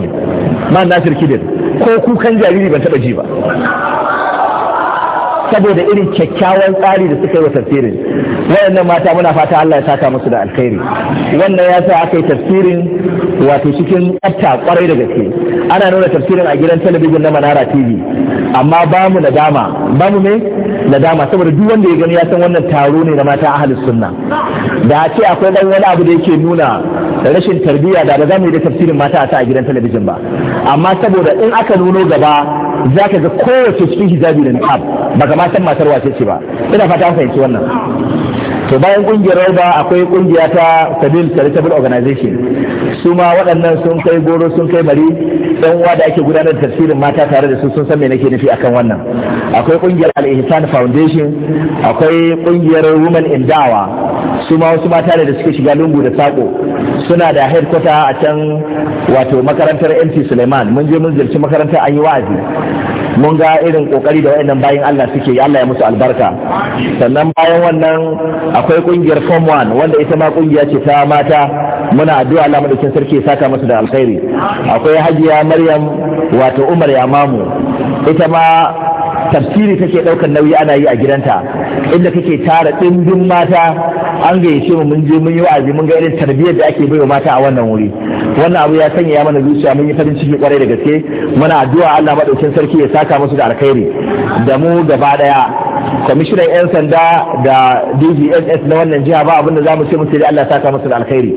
ma nasir kidin ko kukan jariri ban taba ji ba saboda irin kyakkyawan tsari da suka yi wa tafsirin wayannan mata muna fata Allah ya saka musu da alkhairi wannan ya sa aka yi tafsirin wato cikin tsafta kwarai da gaske ana nuna tafsirin a gidan talabijin na Manara TV amma ba mu nadama ba mu me nadama saboda duk wanda ya gani ya san wannan taro ne na mata ahlus sunna da a ce akwai dan wani abu da yake nuna rashin tarbiyya da ba za mu yi da tafsirin mata a gidan talabijin ba amma saboda in aka nuno gaba za ka ga kowace cikin hijabi da niqab ba ka ma san matar wace ce ba ina fata an fahimci wannan to bayan kungiyar rauda akwai kungiya ta sabil charitable organization su ma waɗannan sun kai goro sun kai bari Ɗan uwa da ake gudanar da tafsirin mata tare da su sun san me nake nufi akan wannan akwai kungiyar al-ihsan foundation akwai kungiyar women in dawa su ma wasu mata ne da suke shiga lungu da sako suna da headquarter a can wato makarantar MT Suleiman mun je mun ziyarci makarantar an yi wa'azi mun ga irin kokari da wayannan bayan Allah suke yi Allah ya musu albarka sannan bayan wannan akwai kungiyar form 1 wanda ita ma kungiya ce ta mata muna addu'a Allah madaukakin sarki ya saka musu da alkhairi akwai hajiya Maryam wato Umar Yamamu ita ma tafsiri take daukar nauyi ana yi a gidanta inda take tara dindin mata an gayyace mu mun je mun yi wa'azi mun ga irin tarbiyyar da ake baiwa mata a wannan wuri wannan abu ya sanya mana zuciya mun yi farin ciki kwarai da gaske muna addu'a Allah madaukin sarki ya saka musu da alkhairi da mu gaba daya kwamishinan 'yan sanda da dgss na wannan jiha ba abinda za mu ce musu da Allah saka musu da alkhairi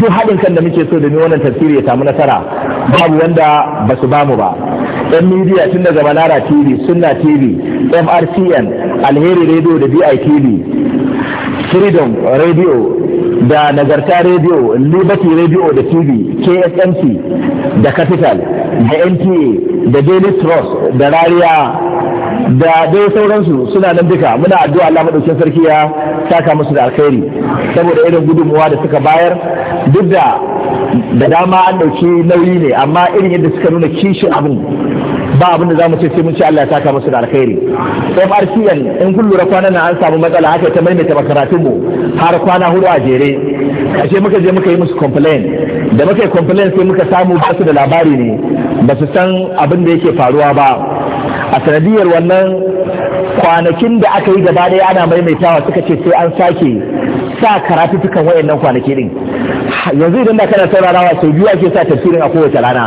duk haɗin kan da muke so da ni wannan tafsiri ya samu nasara babu wanda ba su bamu ba yan midiya tun daga manara tv sunna tv mrcn alheri radio da bitv freedom radio da nagarta radio liberty radio da tv ksmc da capital da nta da daily trust da rariya da dai sauransu suna nan duka muna addu'a Allah madaukakin sarki ya saka musu da alkhairi saboda irin gudunmuwa da suka bayar duk da da dama an dauki nauyi ne amma irin yadda suka nuna kishin abin ba abin da za mu ce sai mun ce Allah ya saka musu da alkhairi FRCN in kun lura kwana na an samu matsala haka ta maimaita makaratun mu har kwana hudu a jere ashe muka je muka yi musu complain da muka yi complain sai muka samu basu da labari ne ba su san abin da yake faruwa ba a sanadiyar wannan kwanakin da aka yi gaba ɗaya ana maimaitawa suka ce sai an sake sa karatu tukan wayannan kwanaki din yanzu idan da kana saurarawa sau biyu ake sa tafsirin a kowace rana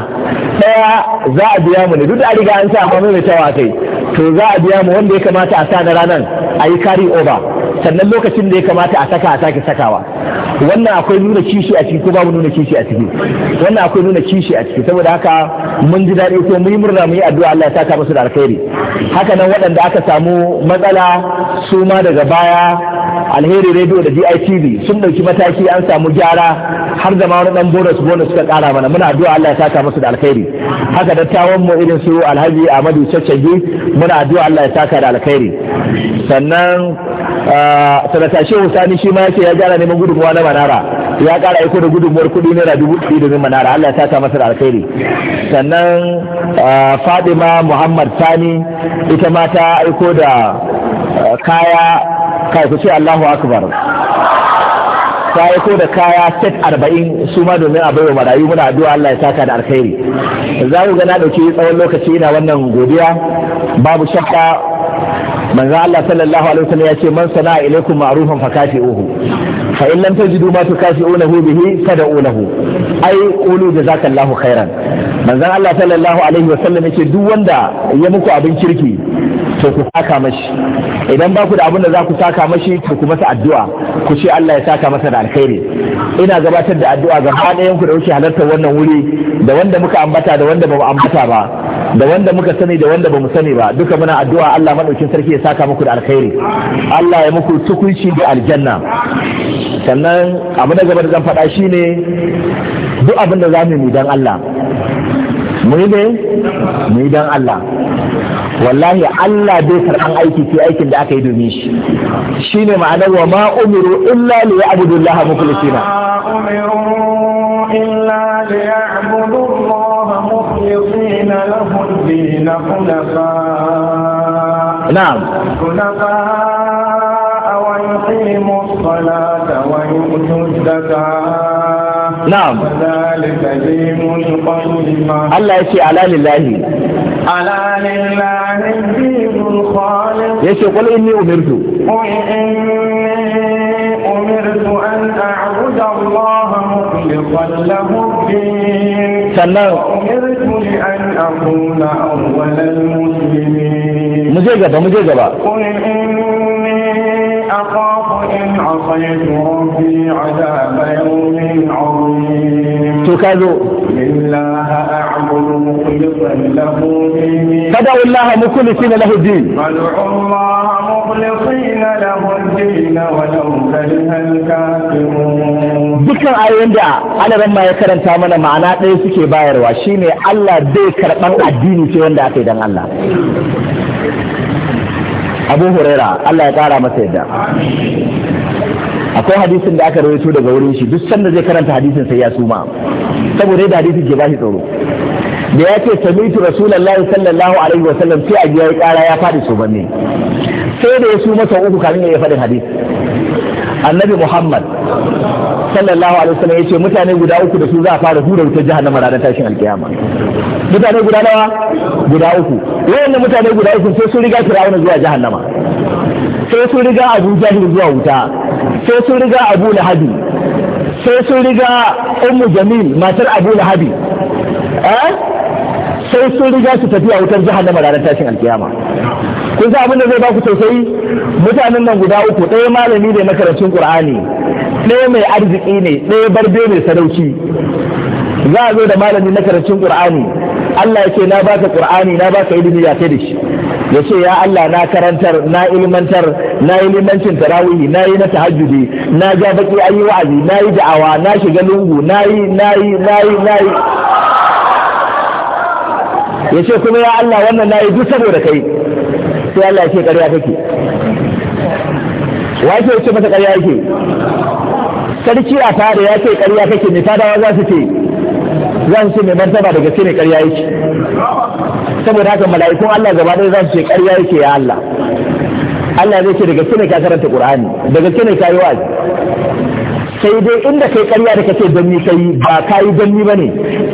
ɗaya za a biya mu ne duk da an riga an sa amma mai tawa kai to za a biya mu wanda ya kamata a sa na ranar a yi kari over sannan lokacin da ya kamata a saka a sake sakawa wannan akwai nuna kishi a ciki ko babu nuna kishi a ciki wannan akwai nuna kishi a ciki saboda haka mun ji daɗi ko mun yi murna mun yi addu'a Allah ya saka musu da alkhairi haka nan waɗanda aka samu matsala su ma daga baya alheri radio da DITV sun ɗauki mataki an samu gyara har zama wani dan bonus bonus suka ƙara mana muna addu'a Allah ya saka musu da alkhairi haka dattawan mu irin su Alhaji Ahmadu Chachagi muna addu'a Allah ya saka da alkhairi sannan Ah, sanatashe hussani shi ma yake ya gyara neman gudunmuwa na manara ya kara aiko da gudunmuwar kuɗi naira dubu ɗari domin manara allah ya sata masa da alkhairi sannan ah, fadima muhammad sani ita ma ta aiko da ah, kaya kai ku ce allahu akbar ta aiko da kaya set arba'in su ma domin a baiwa marayu muna addu'a Allah ya sata da alkhairi za ku ga na ɗauki tsawon lokaci ina wannan godiya babu shakka manzo Allah sallallahu alaihi wasallam ya ce man sana ilaikum ma'rufan fakafi'uhu fa in lam tajidu ma tukafi'unahu bihi fad'u lahu ai qulu jazakallahu khairan manzon Allah sallallahu alaihi wasallam yake duk wanda ya muku abin kirki to ku saka mashi idan ba ku da abin da za ku saka mashi to ku masa addu'a ku ce Allah ya saka masa da alkhairi ina gabatar da addu'a ga hadayen ku da kuke halartar wannan wuri da wanda muka ambata da wanda ba mu ambata ba da wanda muka sani da wanda ba mu sani ba duka muna addu'a Allah madaukin sarki ya saka muku da alkhairi Allah ya muku tukunci da aljanna sannan abu na gaba da zan faɗa shine duk abin da za mu yi don Allah mu yi ne mu yi don Allah wallahi Allah bai karɓan aiki ce aikin da aka yi domin shi shine ma'anar wa ma umiru illa li ya'budu Allah mukhlisina illa li ya'budu Allah mukhlisina lahu ad-din hunafa na'am hunafa wa yuqimu as-salata wa yu'tu az-zakata نعم الله يشي على لله على لله الدين الخالق يشي قل إني أمرت قل إني أمرت أن أعبد الله مخلصا له الدين سنة. وأمرت لأن أكون أول المسلمين مجيزة مجيزة قل إني أخاف إن عصيت ربي عذاب يوم عظيم تكذو لله أعبد مخلصا له ديني فدعوا الله مخلصين له الدين فادعوا الله مخلصين له الدين ولو كره الكافرون dukkan ayoyin da alaran ma ya karanta mana ma'ana ɗaya suke bayarwa shine Allah bai karɓar addini ce wanda aka yi don Allah abu huraira Allah ya kara masa yadda akwai hadisin da aka rawaito daga wurin shi duk sanda zai karanta hadisin sai ya suma saboda yadda hadisin ke bashi tsoro da ya ce samitu rasulullahi sallallahu alaihi wa sallam sai a ya kara ya fadi so banne sai da ya suma sau uku kamin ya faɗin hadisi annabi muhammad sallallahu alaihi wasallam yace mutane guda uku da su za a fara hura wutar jahannama ranar tashin alkiyama mutane guda nawa guda uku wayannan mutane guda uku sai sun riga firawuna zuwa jahannama sai sun riga abu jahil zuwa wuta sai sun riga abu lahabi sai sun riga ummu jamil matar abu lahabi eh? sai sun riga su tafi tafiya wutar jahannama ranar tashin alkiyama kun san abin da zai ba ku tausayi mutanen nan guda uku ɗaya malami ne na karatun qur'ani ɗaya mai arziki ne ɗaya barbe mai sarauci za a zo da malami na karatun qur'ani Allah ya ce na baka qur'ani na baka ilimi ya kai da shi ya ce ya Allah na karantar na ilmantar na yi tarawihi na yi na tahajjudi na ja baki ayi wa'azi na yi da'awa na shiga lungu na yi na yi na yi na yi ya ce kuma ya Allah wannan na yi duk saboda kai sai Allah ya ce ƙarya kake wa ke ce masa ƙarya yake sarki a fada ya ce ƙarya kake ne fadawa za su ce Zan su mai martaba da gaske ne ƙarya yake saboda haka mala'ikun Allah gaba ɗaya za su ce ƙarya yake ya Allah Allah zai ce daga gaske ne ka karanta Qur'ani Daga gaske ne ka yi wa'azi sai dai inda kai karya da kace danni kai ba kayi danni bane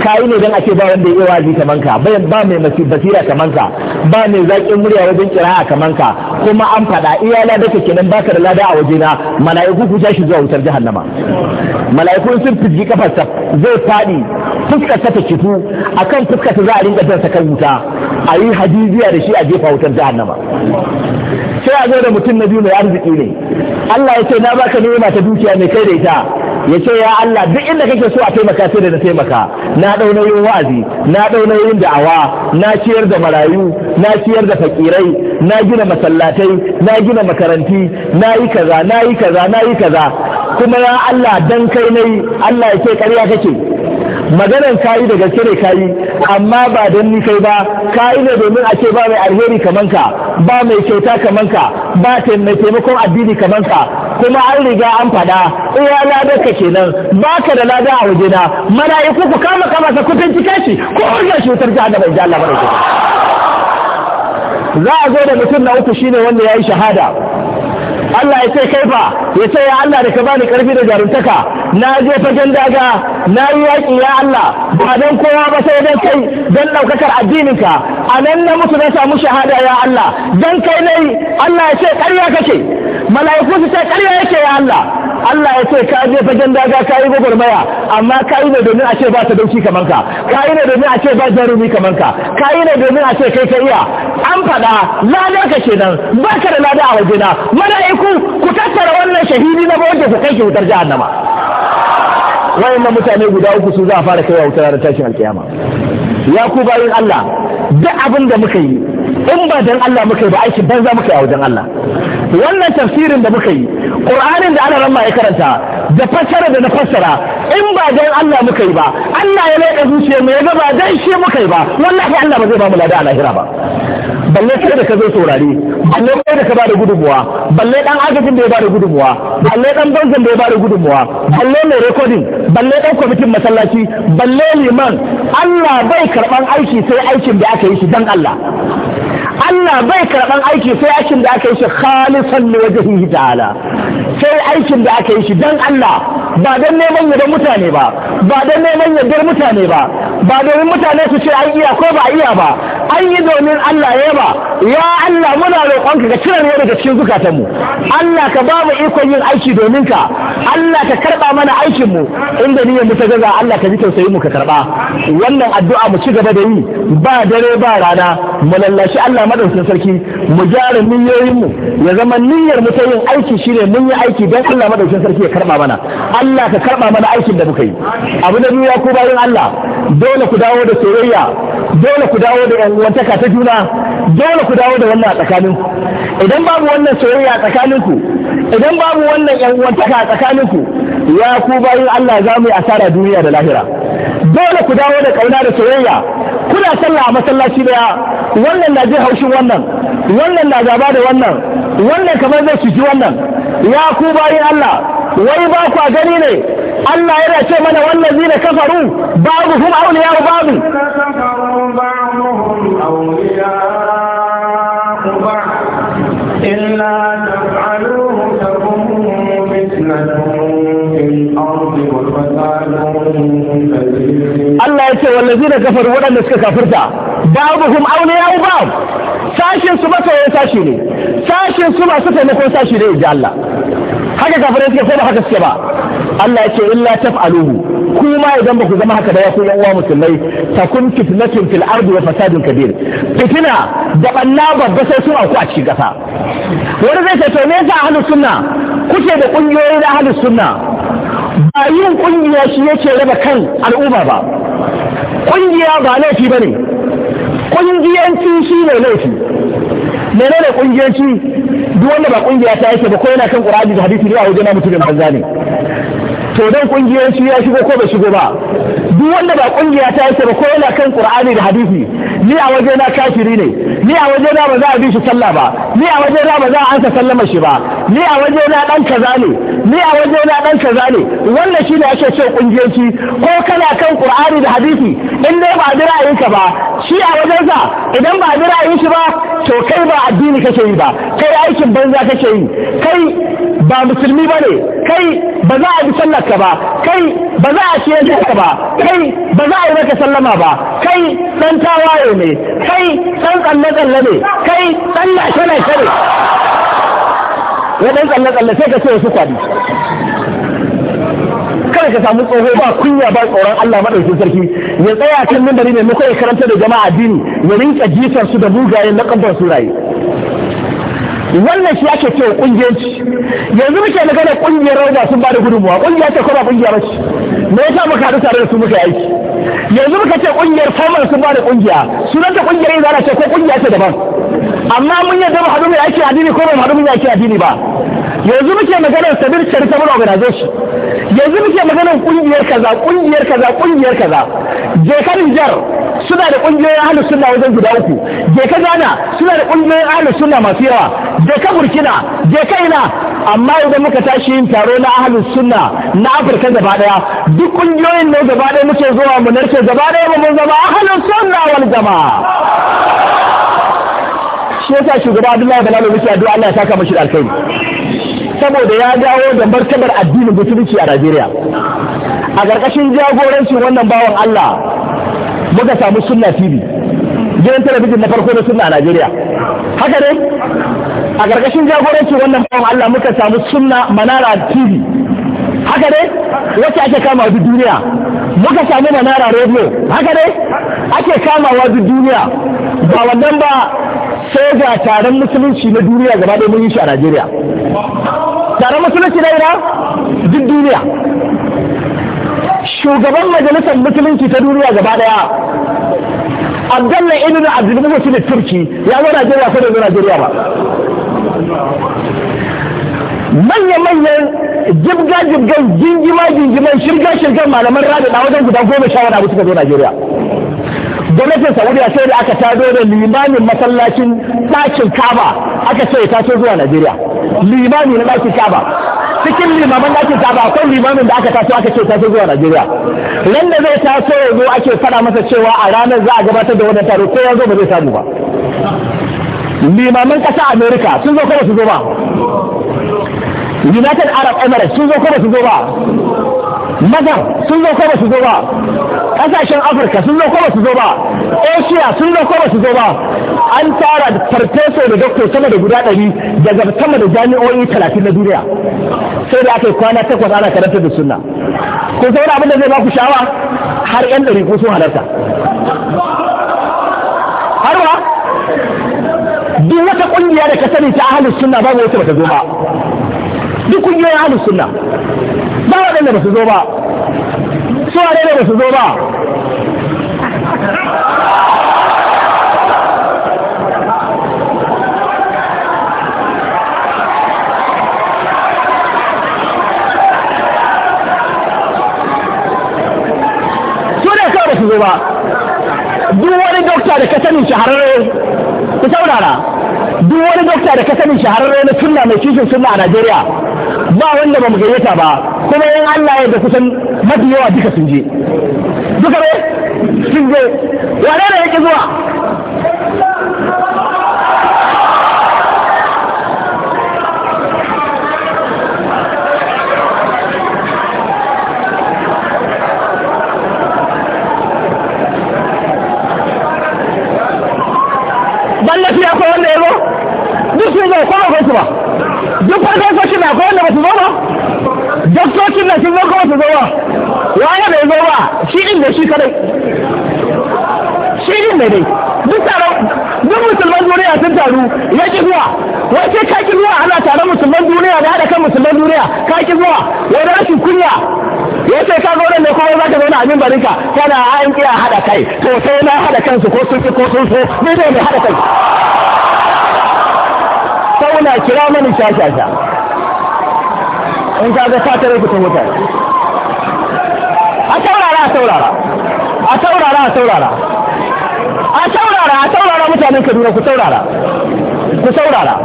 kayi ne dan ake ba wanda ya wazi kaman ka ba ba mai basira kaman ka ba mai zakin murya wajen kira'a kaman ka kuma an faɗa iya lada kake nan baka da lada a waje na mala'iku ku tashi zuwa wutar jahannama mala'iku sun fiji ta zai fadi fuskar ta kifu akan fuskar ta za a rinka sa kan wuta a yi hadiziya da shi a jefa wutar jahannama sai a zo da mutum na biyu mai arziki ne Allah ya ce na baka ne ta dukiya mai kai da ita ya ce ya Allah duk inda kake so a taimaka sai da na taimaka na dau nauyin wa'azi na dau nauyin da'awa na ciyar da marayu na ciyar da fakirai na gina masallatai na gina makaranti na yi kaza na yi kaza na yi kaza kuma ya Allah dan kai nayi Allah ya ce ƙarya kake maganan kayi da gaske ne kayi amma ba don ni kai ba kayi ne domin a ce ba mai alheri kaman ka ba mai kyauta kaman ka ba mai taimakon addini kaman ka kuma an riga an fada iya ladar ka kenan ba ka da lada a wajena mala'iku ku kama kama sa kutan cika shi ko wannan cutar ta da bai Allah ba za a zo da mutum na uku shine wanda ya yi shahada Allah ya ce kai fa ya ce ya Allah da ka bani karfi da jaruntaka na je fagen daga na yi yaƙi ya Allah ba don kowa ba sai don kai don ɗaukakar addininka a nan na mutu na samu shahada ya Allah don kai na yi Allah ya ce ƙarya kake mala'iku su ce ƙarya yake ya Allah Allah ya ce ka je fagen daga ka yi gwagwarmaya amma ka yi ne domin a ce ba dauki kamar ka ka yi ne domin a ce ba jarumi kamar ka ka yi ne domin a ce kai ka iya an faɗa lada ka kenan ba ka da lada a wajena mala'iku ku ku tattara wannan shahidi na wanda su kai shi wutar jahannama wayannan mutane guda uku su za a fara kai wutar ranar tashin alkiyama ya ku bayin Allah duk abin da muka yi in ba dan Allah muka yi ba aiki banza muka yi a wajen Allah wannan tafsirin da muka yi ƙur'anin da ana ramma ya karanta da fassara da na fassara in ba dan Allah muka yi ba Allah ya laika zuciyar mu ya ga ba dan shi muka yi ba wallahi Allah ba zai ba mu lada a lahira ba balle sai da ka zo saurare balle sai da ka bada gudunmuwa balle dan agajin da ya bada gudunmuwa balle dan banzan da ya bada gudunmuwa balle mai recording balle dan kwamitin masallaci balle liman Allah bai karban aiki sai aikin da aka yi shi dan Allah Allah bai karɓan aiki sai aikin da aka yi shi khalisan wajen wajhihi ta'ala sai aikin da aka yi shi dan Allah ba dan neman yardar mutane ba ba don neman yardar mutane ba ba domin mutane su ce an iya ko ba iya ba an yi domin Allah ya ba ya Allah muna roƙonka ka cire mu daga cikin zukatanmu Allah ka ba mu ikon yin aiki domin ka Allah ka karba mana aikin mu inda niyyar mu ta gaza Allah ka ji tausayin mu ka karɓa wannan addu'a mu ci gaba da yi ba dare ba rana mu lallashi Allah madaukakin sarki mu gyara niyyoyin mu ya zama niyyar mu ta yin aiki shine mun yi aiki don Allah madaukakin sarki ya karɓa mana Allah ka karba mana aikin da muka yi abu da biyu ya ku bayin Allah dole ku dawo da soyayya dole ku dawo da uwantaka ta juna dole ku dawo da wannan a tsakaninku idan babu wannan soyayya a tsakaninku idan babu wannan 'yan uwantaka a tsakaninku ya ku bayin Allah za mu yi asara duniya da lahira dole ku dawo da kauna da soyayya kuna sallah a masallaci daya wannan na jin haushin wannan wannan na gaba da wannan wannan kamar zai ji wannan ya ku bayin Allah wai ba kwa gani ne Allah yana ce mana wannan zina kafaru babu hum auliya babu إلا تفعلوه Allah ya ce wallazi da kafaru waɗanda suka kafirta babuhum awliya bab sashin su masoyan sashi ne sashin su masu taimakon sashi ne ya ji Allah haka kafirai suke ko ba haka suke ba Allah ya ce illa taf'aluhu kuma idan ba ku zama haka ba ya kuma uwa musulmai takun fitnatun fil ardi wa fasadun kabir fitina da banna babba sai sun auku a cikin kasa wani zai ce to me yasa ahlus sunna kuke da ƙungiyoyi na ahlus sunna ba yin kungiya shi yake raba kan al'umma ba kungiya ba laifi bane kungiyanci shi ne laifi menene kungiyanci duk wanda ba kungiya ta yake ba ko yana kan qur'ani da hadisi ne a wajen mutumin banza ne to dan kungiyanci ya shigo ko bai shigo ba duk wanda ba kungiya ta yake ba ko yana kan qur'ani da hadisi ni a waje na kafiri ne ni a waje na ba za a bi shi sallah ba ni a waje na ba za a ansa sallama shi ba ni a waje na dan kaza ne ni a waje na dan kaza ne wannan shine ake cewa kungiyanci ko kana kan qur'ani da hadisi in dai ba bi ka ba shi a wajensa idan ba bi ra'ayin shi ba to kai ba addini kake yi ba kai aikin banza kake yi kai ba musulmi bane kai ba za a bi sallah ka ba kai ba za a ciyar ka ba kai ba za a yi maka sallama ba kai dan tawaye ne kai dan tsalle tsalle ne kai dan lashe lashe ne ya dan tsalle tsalle sai ka ce wasu kwadi kada ka samu tsoho ba kunya ba tsoron Allah madauki sarki ya tsaya kan mimbari ne muka karanta da jama'a addini ya rinka jisar su da mugayen na kamfan suraye wannan shi ake cewa kungiyanci yanzu muke magana kungiyar rauda sun ba da gudunmuwa kungiya ce kuma ba kungiya ba ce me yasa muka haɗu tare da su muka aiki yanzu muka ce kungiyar famar sun ba da kungiya sunan ta kungiyar yin ana ce ko kungiya ce daban amma mun yadda mu haɗu mai aiki addini ko mai hadu haɗu mai aiki addini ba yanzu muke maganar sabir charitable organization yanzu muke maganar kungiyar kaza kungiyar kaza kungiyar kaza jekar jar suna da kungiyoyin ahlus sunna wajen guda uku jeka gana suna da kungiyoyin ahlus suna masu yawa jeka Burkina jeka ina amma idan muka tashi yin taro na ahlus sunna na Afirka gaba daya duk kungiyoyin ne gaba daya muke zuwa mu narke gaba daya mu zama ahlus sunna wal jama'a shi yasa shugaba Abdullahi da muke addu'a Allah ya saka mashi alkhairi saboda ya dawo da martabar addinin musulunci a Najeriya a ƙarƙashin jagorancin wannan bawan Allah muka samu sunna TV gidan talabijin na farko da sunna a Najeriya haka ne a ƙarƙashin jagorancin wannan bawan Allah muka samu sunna Manara TV haka ne wacce ake kama duk duniya muka samu manara rediyo haka dai ake kamawa duk duniya ba wannan ba sai taron musulunci na duniya gaba ɗaya mun yi shi a Najeriya taron musulunci na ina duk duniya shugaban majalisar musulunci ta duniya gaba ɗaya Abdallah ibn Abdul da Turki ya zo Najeriya ko da zo Najeriya ba manya-manyan jibga-jibgan jingima-jingiman shirga-shirgan malaman rabida wajen guda goma sha wani abu suka zo Najeriya. Gwamnatin Saudiya sai da aka tado da limamin masallacin ɗakin Kaba aka ce ya taso zuwa Najeriya. Limani na ɗakin Kaba. Cikin limaman ɗakin Kaba akwai limamin da aka taso aka ce taso zuwa Najeriya. Nan da zai taso ya zo ake faɗa masa cewa a ranar za a gabatar da wannan taro ko ya zo ba zai samu ba. Limaman ƙasa Amerika sun zo kuma su zo ba. united arab emirates sun zo ko ba su zo ba mazar sun zo ko ba su zo ba kasashen afirka sun zo ko ba su zo ba asia sun zo ko ba su zo ba an tara da farfeso da doktor sama da guda ɗari daga sama da jami'o'i talatin na duniya sai da aka yi kwana takwas ana karantar da sunna kun sai abin da zai ba ku sha'awa har yan ɗari sun halarta har ba duk wata ƙungiya da ka sani ta ahalin sunna babu wata ta zo ba duk kungiyoyin ahlus sunna ba waɗanda ba su zo ba su waɗanda ba su zo ba su zo ba duk wani dokta da ka sanin shahararre ku saurara duk wani dokta da ka shahararre na sunna mai kishin sunna a Najeriya ba wanda ba mu gayyata ba kuma in Allah ya da kusan mafi yawa duka sun je duka ne sun je wane ne yake zuwa din da shi kadai shi din da dai duk taron duk musulman duniya sun taru ya ki zuwa wai sai ka ki zuwa ana taron musulman duniya da haɗa kan musulman duniya ka ki zuwa wai da rashin kunya ya ce ka zo ne kuma za ka zauna amin barika kana an iya haɗa kai to sai na haɗa kansu ko sun ki ko sun so ni ne mai haɗa kai sauna kira mani shashasha in ka ga ta tare fitan mutane a saurara a saurara a saurara a saurara a saurara mutanen kaduna ku saurara ku saurara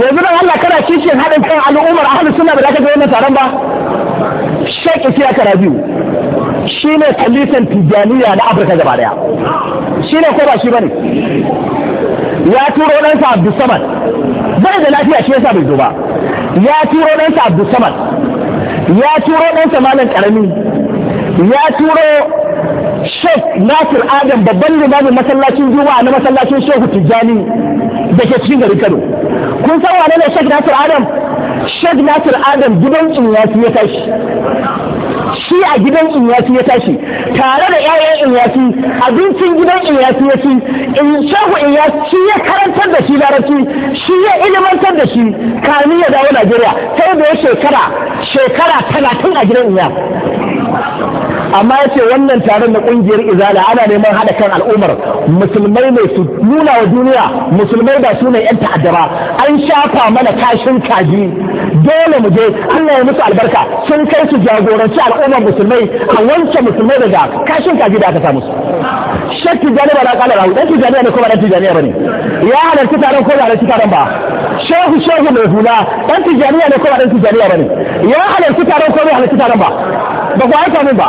yanzu don Allah kana kishin haɗin kan al'ummar ahalus suna da za ka ga wannan taron ba shek isiya kara biyu shi ne kalisan tijaniya na afirka gaba daya shi ne ko ba shi ne? ya turo ɗansa abdulsamad bai da lafiya shi yasa bai zo ba ya turo ɗansa abdulsamad ya turo ɗansa malam ƙarami ya turo Sheikh Nasir Adam babban limamin masallacin Juma'a na masallacin Shehu Tijjani da ke cikin garin Kano. Kun san wane ne Sheikh Nasir Adam? Sheikh Nasir Adam gidan in ya tashi. shi a gidan inyasi ya tashi tare da 'ya'yan inyasi abincin gidan inyasi ya ci in shahu inyasi shi ya karantar da shi larabci shi ya ilimantar da shi kami ya dawo Najeriya sai da ya shekara shekara talatin a gidan inyasi amma ya ce wannan taron na kungiyar izala ana neman haɗa kan al'ummar musulmai mai su nuna wa duniya musulmai ba su ne yan ta'adda ba an shafa mana kashin kaji dole mu je Allah ya musu albarka sun kai su jagoranci al'ummar musulmai a wancan musulmai daga kashin kaji da aka samu su shek tijjani ba na kala rahu dan tijjani ne kuma dan tijjani ba ne ya halarci taron ko ba halarci taron ba shehu shehu mai hula dan tijjani ne kuma dan tijjani ba ne ya halarci taron ko ba halarci taron ba ba ku aika min ba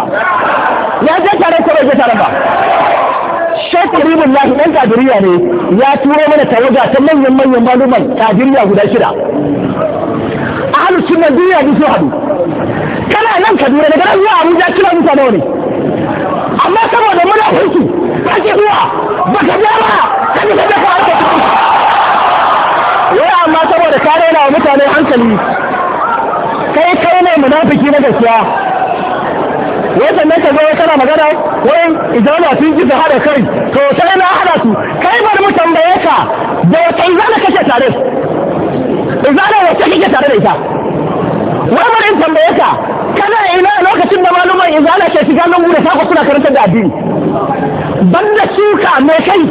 ya je tare ko bai je tare ba Sheikh Karimullahi ɗan Kadiriya ne ya turo mana tawaga ta manyan manyan maluman Kadiriya guda shida. a Ahlus nan duniya ne su haɗu. Kana nan Kaduna daga nan zuwa Abuja kila mutane wani Amma saboda muna hulki ba ke zuwa ba ka ja ba ka ji kada ka harka ciki. Wai amma saboda ka raina wa mutane hankali kai kai ne munafiki na gaskiya wai sannan ka zo kana magana wai ijama sun ji hada kai to sai na hada su kai bari mu tambaye ka da wata izala kake tare zana wacce kake tare da ita wai bari tambaye ka kana ina lokacin da maluman izala ke shiga nan gudu ta sako karanta da addini banda shuka me kai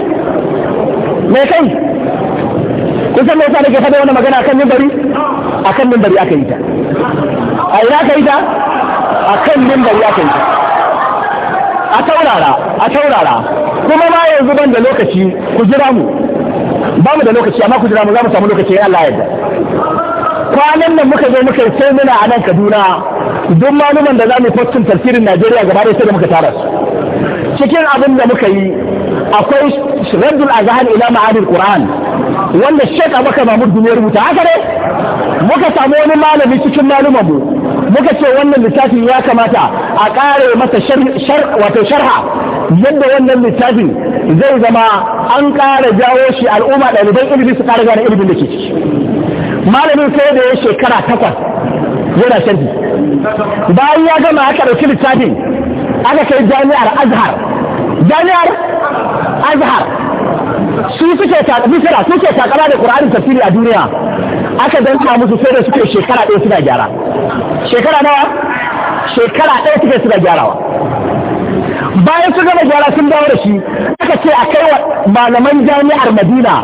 me kai kun san me yasa nake fada wannan magana akan kan akan bari aka yi ta a ina aka yi ta a kan da ya kanci a taurara a taurara kuma ma yanzu ban da lokaci ku jira mu ba mu da lokaci amma ku jira mu za mu samu lokaci ya Allah yadda kwanan nan muka zo muka yi sai muna a nan Kaduna duk maluman da za mu fotun tafsirin Najeriya gaba da sai da muka tara su cikin abin da muka yi akwai Raddul Azhar ila ma'adil Qur'an wanda Sheikh Abubakar Mahmud Gumi rubuta haka ne muka samu wani malami cikin maluman mu muka ce wannan littafin ya kamata a ƙare masa wato sharha yadda wannan littafin zai zama an ƙara jawo shi al'umma ɗaliban ilimi su ƙara gane ilimin da ke ciki malamin sai da ya shekara takwas yana sharhi bayan ya gama aka ɗauki littafin aka kai jami'ar azhar jami'ar azhar su suke takara da ƙur'anin tafsiri a duniya aka ta musu sai da suke shekara ɗaya suna gyara shekara nawa shekara ɗaya suke suna gyarawa bayan su gama gyara sun dawo da shi aka ce a kai wa malaman jami'ar madina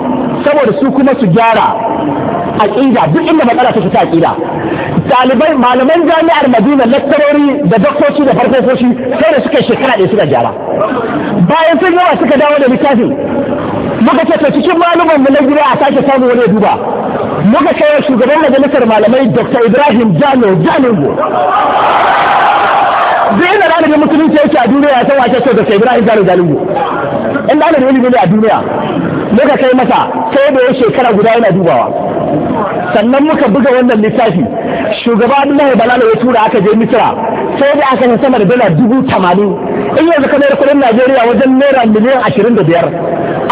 saboda su kuma su gyara a aƙida duk inda matsala ta fita aƙida ɗalibai malaman jami'ar madina laktarori, da daktoci da farfesoshi sai da suke shekara ɗaya suka gyara bayan sun yawa suka dawo da littafin muka ce to cikin malumin mu na gida a sake samu wani duba muka kai shugaban majalisar malamai Dr. Ibrahim Jano Jalingo zai na ranar musulunci yake a duniya sai wace ce Dr. Ibrahim Jano Jalingo in da ne a duniya muka kai masa sai da ya shekara guda yana dubawa sannan muka buga wannan lissafi shugaba abdullahi balala ya tura aka je misira sai da aka san sama da dala dubu tamanin in yanzu kamar da kudin najeriya wajen naira miliyan ashirin da biyar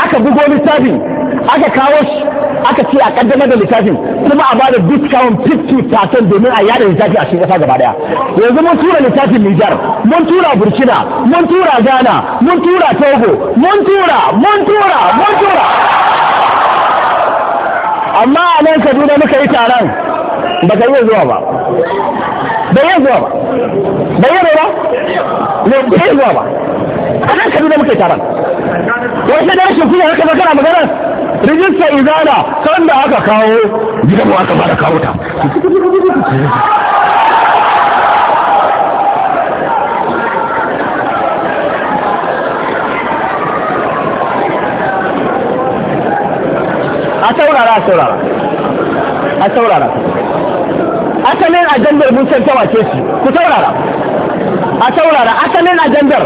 aka bugo lissafi aka kawo shi aka ce a kaddamar da lissafi kuma a bada discount 50% domin a yada lissafi a cikin gaba daya yanzu mun tura littafin Nijar mun tura Burkina mun tura Ghana mun tura Togo mun tura mun tura mun tura amma a nan kaduna muka yi taron ba ka iya zuwa ba bai iya zuwa ba bai iya ba ne bai iya zuwa ba a nan kaduna muka yi taron wasu da rashin kuya haka magana magana rijista izana kan da aka kawo gidan aka ba da kawo ta a saurara a saurara a saurara asalin ajandar mun san ta wace su ku saurara a saurara asalin ajandar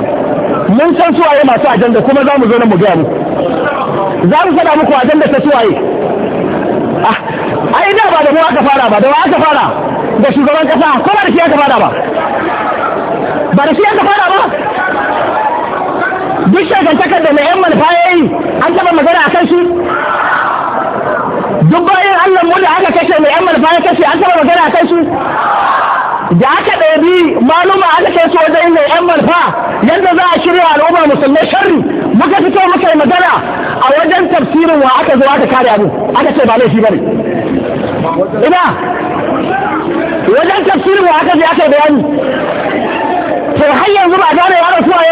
mun san suwaye masu ajandar kuma za mu zo nan mu gaya muku za mu faɗa muku ajandar ta suwaye ah, ai da ba da mu aka fara ba da wa aka fara da shugaban kasa ko ba da shi aka fara ba ba da shi aka fara ba duk shagantakar da mai yan manufa ya yi an taɓa magana a kan shi duk bayan Allah mu da aka kashe mai amma da kashe an taɓa magana a kai su da aka ɗabi maluma aka kai su wajen mai yan malfa yadda za a shirya al'umma musulmai sharri muka fito muka yi magana a wajen tafsirin wa aka zo aka kare abu aka ce ba laifi bane ina wajen tafsirin wa aka je aka yi bayani to har yanzu ba gane ya rasu ba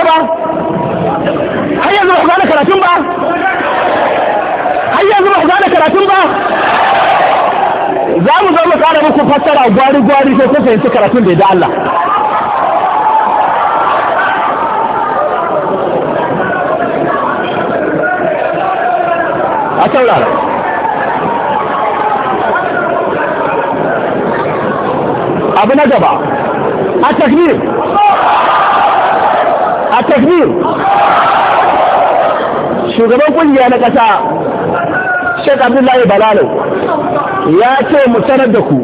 har yanzu ba gane karatun ba har yanzu ba da karatun ba za mu zo mu kara muku fassara gwari gwari ko kun fahimci karatun da ya da Allah a saurara abu na gaba a takbir a takbir shugaban kungiya na kasa Sheikh Abdullahi Balalo ya ce mu sanar da ku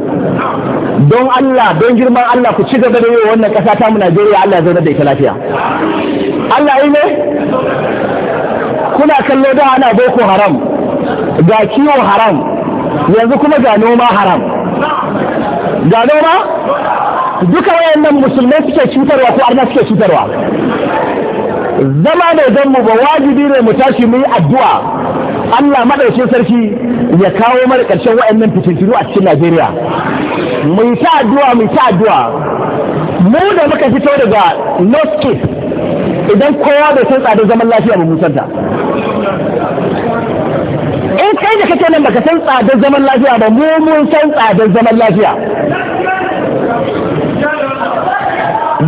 don Allah don girman Allah ku ci gaba da yi wannan ƙasa ta mu Najeriya Allah ya zauna da ita lafiya Allah yi ne kuna kallo da ana boko haram ga kiwo haram yanzu kuma ga noma haram ga noma duka wayannan musulmai suke cutarwa ko arna suke cutarwa zama ne don mu ba wajibi ne mu tashi mu yi addu'a Allah madaukin sarki ya kawo mana ƙarshen waɗannan fitintunu a cikin Najeriya mu ta addu'a mu ta addu'a mu da muka fito daga North idan kowa bai san tsadar zaman lafiya ba musar da in kai da kake nan baka san tsadar zaman lafiya ba mu mun san tsadar zaman lafiya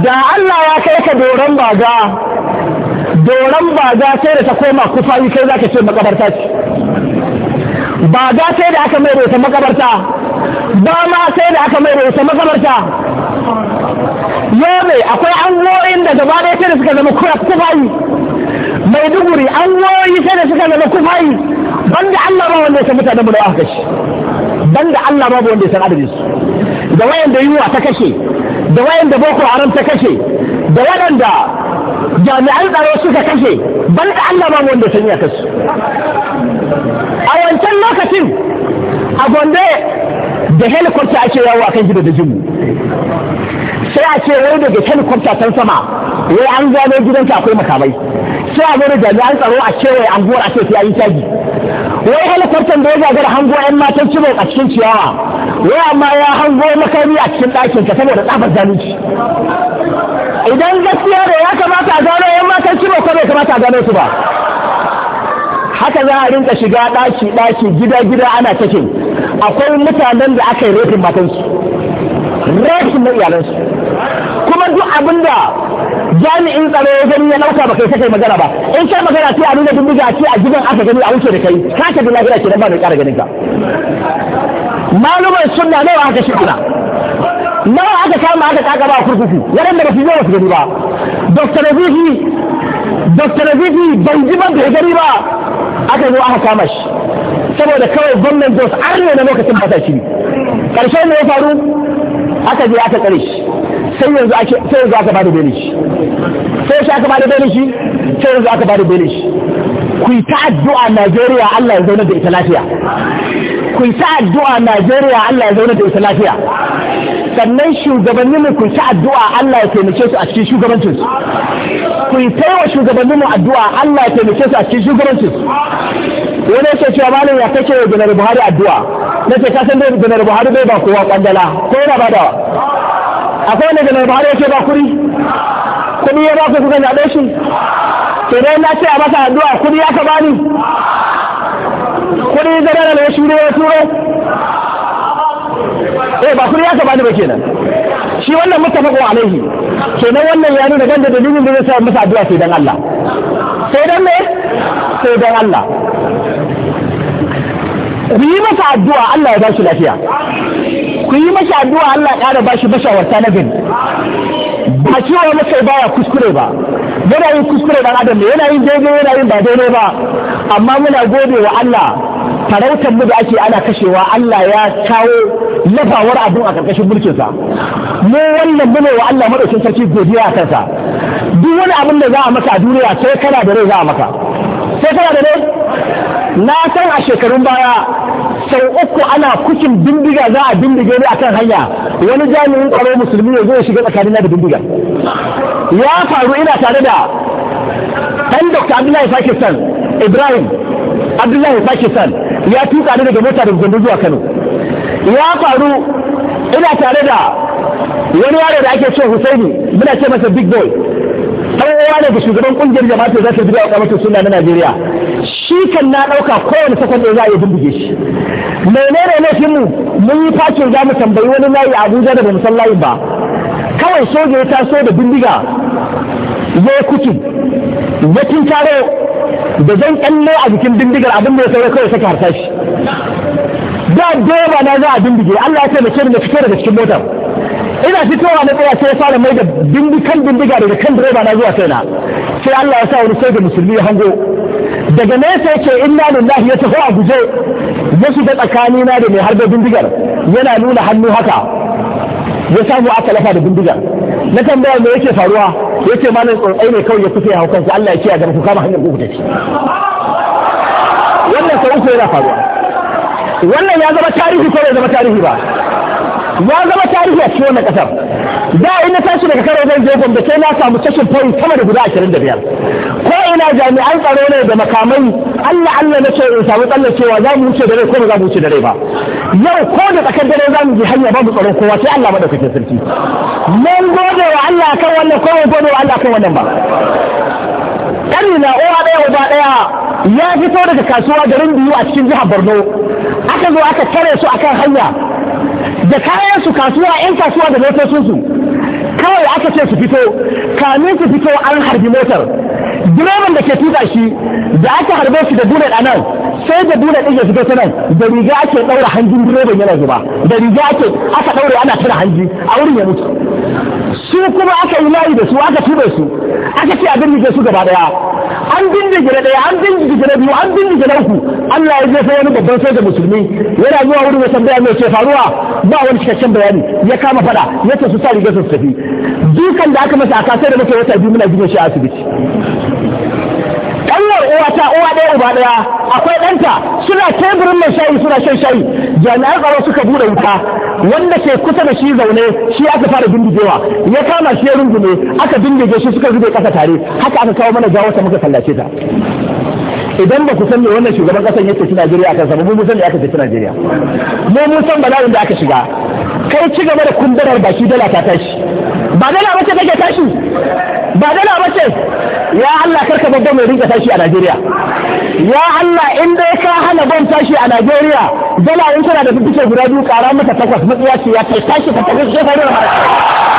da Allah ya kai ka doron baga doron ba za sai da ta koma kufayi kai za ka ce makabarta ce ba za sai da aka mai rota makabarta ba ma sai da aka mai rota makabarta yobe akwai angoyin da gaba da sai da suka zama kufayi an goyi sai da suka zama kufayi banda allah ba wanda ya san mutanen mu da aka shi banda allah ba wanda ya san adadin su da wayanda yunwa ta kashe da wayanda boko haram ta kashe da waɗanda jami'an tsaro suka kashe ban da Allah ma wanda sun ya kasu a wancan lokacin a gonde da helikwarta ake yawo akan gida da jimu sai a ce wai daga helikwarta can sama wai an gidan ka akwai makamai sai a zo da jami'an tsaro a kewaye anguwar a ce sai a yi caji wai halittartan da ya gagara hango yan matan cibo a cikin ciyawa wai amma ya hango makami a cikin ɗakin ka saboda tsafar zalunci idan gaskiya da ya kamata a gano yan matan cibo ko bai kamata a gano su ba haka za a rinka shiga ɗaki ɗaki gida gida ana cikin akwai mutanen da aka yi rafin matansu rafin na iyalansu kuma duk abin da jami'in tsaro ya gani ya nauka ba kai ta kai magana ba in kai magana sai a nuna ga ce a gidan aka gani a wuce da kai ka ta bin lafiya kenan ba mai kara ganin ka malumar sunna nawa aka na nawa aka kama aka kaka ba a kurkuku waɗanda ba su zo ba su gani ba dr rabihi dr rabihi ban ji ban bai gani ba aka zo aka kama shi saboda kawai gwamnan jos arne na lokacin ba ta shi karshen ne ya faru aka je aka tsare shi sai yanzu ake sai yanzu aka bada belin shi sai yanzu aka bada belin shi sai yanzu aka bada belin shi ku yi ta addu'a Najeriya Allah ya zauna da ita lafiya ku yi ta addu'a Najeriya Allah ya zauna da ita lafiya sannan shugabanni mu ku ta addu'a Allah ya taimake su a cikin shugabancin su ku yi ta wa shugabanni mu addu'a Allah ya taimake su a cikin shugabancin su wani yake cewa malam ya kake wa Janar Buhari addu'a nace ka san da Janar Buhari bai ba kowa kwandala ko yana badawa akwai wanda da mai bahari yake ba kuri kudi ya ba ku kuka zaɓe shi to dai na ce a masa addu'a kudi ya ka bani kudi zara da ya shure ya turo eh ba kudi ya ka bani ba kenan shi wannan mutafaqu alaihi kenan wannan ya nuna ganda dalilin da zai sa masa addu'a sai dan Allah sai dan me sai dan Allah Ku yi masa addu'a Allah ya ba shi lafiya ku yi mashi addu'a Allah ƙara ba shi mashawarta na gani ba wa masa baya kuskure ba yana yin kuskure dan adam ne yana yin daidai yana yin ba daidai ba amma muna gode wa Allah farautar mu da ake ana kashewa Allah ya kawo lafawar abun a karkashin mulkinsa mu wannan mu wa Allah madaukin sarki godiya a kansa duk wani abin da za a maka a duniya sai kana da rai za a maka sai kana da rai na san a shekarun baya sau uku ana kucin bindiga za a bindige ni akan hanya wani jami'in tsaro musulmi ya zo ya shiga tsakanina da bindiga ya faru ina tare da ɗan dokta abdullahi pakistan ibrahim abdullahi pakistan ya tuka ni daga mota da gwandu zuwa kano ya faru ina tare da wani yaro da ake ce husaini muna ce masa big boy ɗan uwa ne da shugaban kungiyar jama'a za zata biya wa kamar suna na najeriya shi kan na ɗauka kowane sakon za a yi bindige shi menene laifin mu mun yi fakin za mu tambayi wani layi a abuja da bamu san layin ba kawai soja ya taso da bindiga zai kutu zakin taro da zan tsalle a jikin bindigar abin da ya sauya kawai saka shi. da dole na za a bindige Allah ya ce ni na fito daga cikin motar ina fitowa na tsaya sai ya fara mai da bindikan bindiga daga kan direba na zuwa kaina sai Allah ya sa wani sai da musulmi ya hango daga nesa yake inna lillahi ya taho a guje ya shiga tsakanina da mai harbe bindigar yana nuna hannu haka ya samu aka lafa da bindigar na tambaya me yake faruwa yake malam tsuntsai ne kawai ya fito ya haukansa Allah ya kiyaye gaba ku kama hanyar ku tafi wannan sau uku yana faruwa wannan ya zama tarihi ko ya zama tarihi ba ya zama tarihi a cikin wannan kasar da ina tashi daga karo zan je gombe sai na samu tashin fayi sama da guda ashirin da biyar ko ina jami'an tsaro ne da makamai allah allah na ce in samu tsallar cewa za mu wuce da rai ko ba za mu wuce da rai ba yau ko da tsakar dare za mu je hanya babu tsaron kowa sai allah madaukakin sarki mun gode wa allah kan wannan ko mun gode wa allah kan wannan ba ƙari na uwa ɗaya uba ɗaya ya fito daga kasuwa garin biyu a cikin jihar borno aka zo aka tare su akan hanya da kayan su kasuwa 'yan kasuwa da motocinsu kawai aka ce su fito kamin su fito an harbi motar direban da ke tuka shi da aka harbe shi da bullet a nan sai da bullet ɗin ya shiga ta nan da riga ake ɗaura hanjin direban yana zuba da riga ake aka ɗaure ana tura hanji a wurin ya mutu su kuma aka yi layi da su aka tuɓe su aka ce a da su gaba daya an bindige na daya an bindige na biyu an bindige na uku Allah ya jefa wani babban sai da musulmi yana zuwa wurin ya tambaya mai ce faruwa ba wani cikakken bayani ya kama fada ya ce su sa rigar su tafi dukan da aka masa a kasai da mutane wata biyu muna gidan shi asibiti kallar uwa ta uwa ɗaya uba ɗaya akwai ɗanta suna teburin mai shayi suna shan shayi jami'an tsaro suka buɗe wuta wanda ke kusa da shi zaune shi aka fara bindigewa ya kama shi ya rungume aka bindige shi suka zube ƙasa tare haka aka kawo mana jawo ta muka sallace ta idan ba ku san me wannan shugaban kasan yake ci Najeriya akan sa mu san me aka tafi Najeriya mu mun san bala'in da aka shiga kai ci gaba da kundarar baki dala ta tashi ba dala bace kake tashi ba dala bace ya Allah karka babba mai rinka tashi a Najeriya ya Allah in dai ka hana ban tashi a Najeriya dala in tana da fice guda biyu kara mata takwas matsiya ce ya kai tashi ka tafi mara.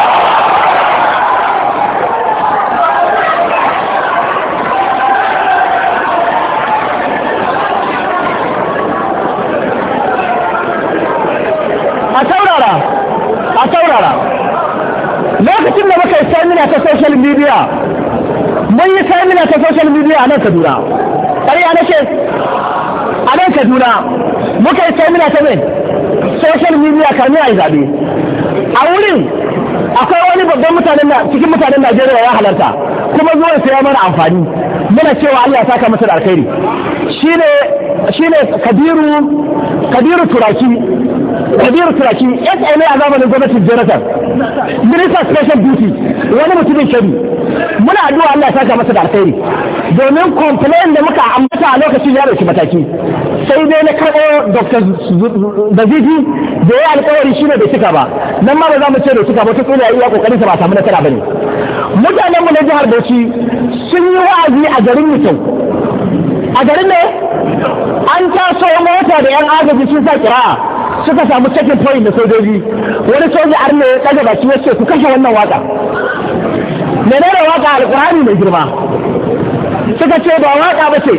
ta social media mun yi samina ta social media a nan kaduna ƙarya na ce a nan kaduna muka yi samina ta mai social media karni a yi zaɓe a wurin akwai wani babban mutanen na cikin mutanen najeriya ya halarta kuma zuwa su ya mana amfani muna cewa allah ta saka masa da alkhairi shine ne kabiru turaki kabiru turaki sa a zamanin gwamnatin jonathan minister special duty wani mutumin shari muna addu'a allah ya saka masa da alkhairi domin complain da muka ambata a lokacin ya dauki mataki sai dai na karɓo dr bazizi da ya alkawari shi ne bai cika ba nan ma ba za mu ce bai cika ba ta tsira iya kokarin sa ba samu nasara ba ne mutanenmu na jihar bauchi sun yi wa'azi a garin mutum a garin ne an taso mota da yan agaji sun sa kira'a suka samu checking point da sojoji wani soja arna ya tsaga baki ya ce ku kashe wannan waka menene waka alkurani mai girma suka ce ba waka ba ce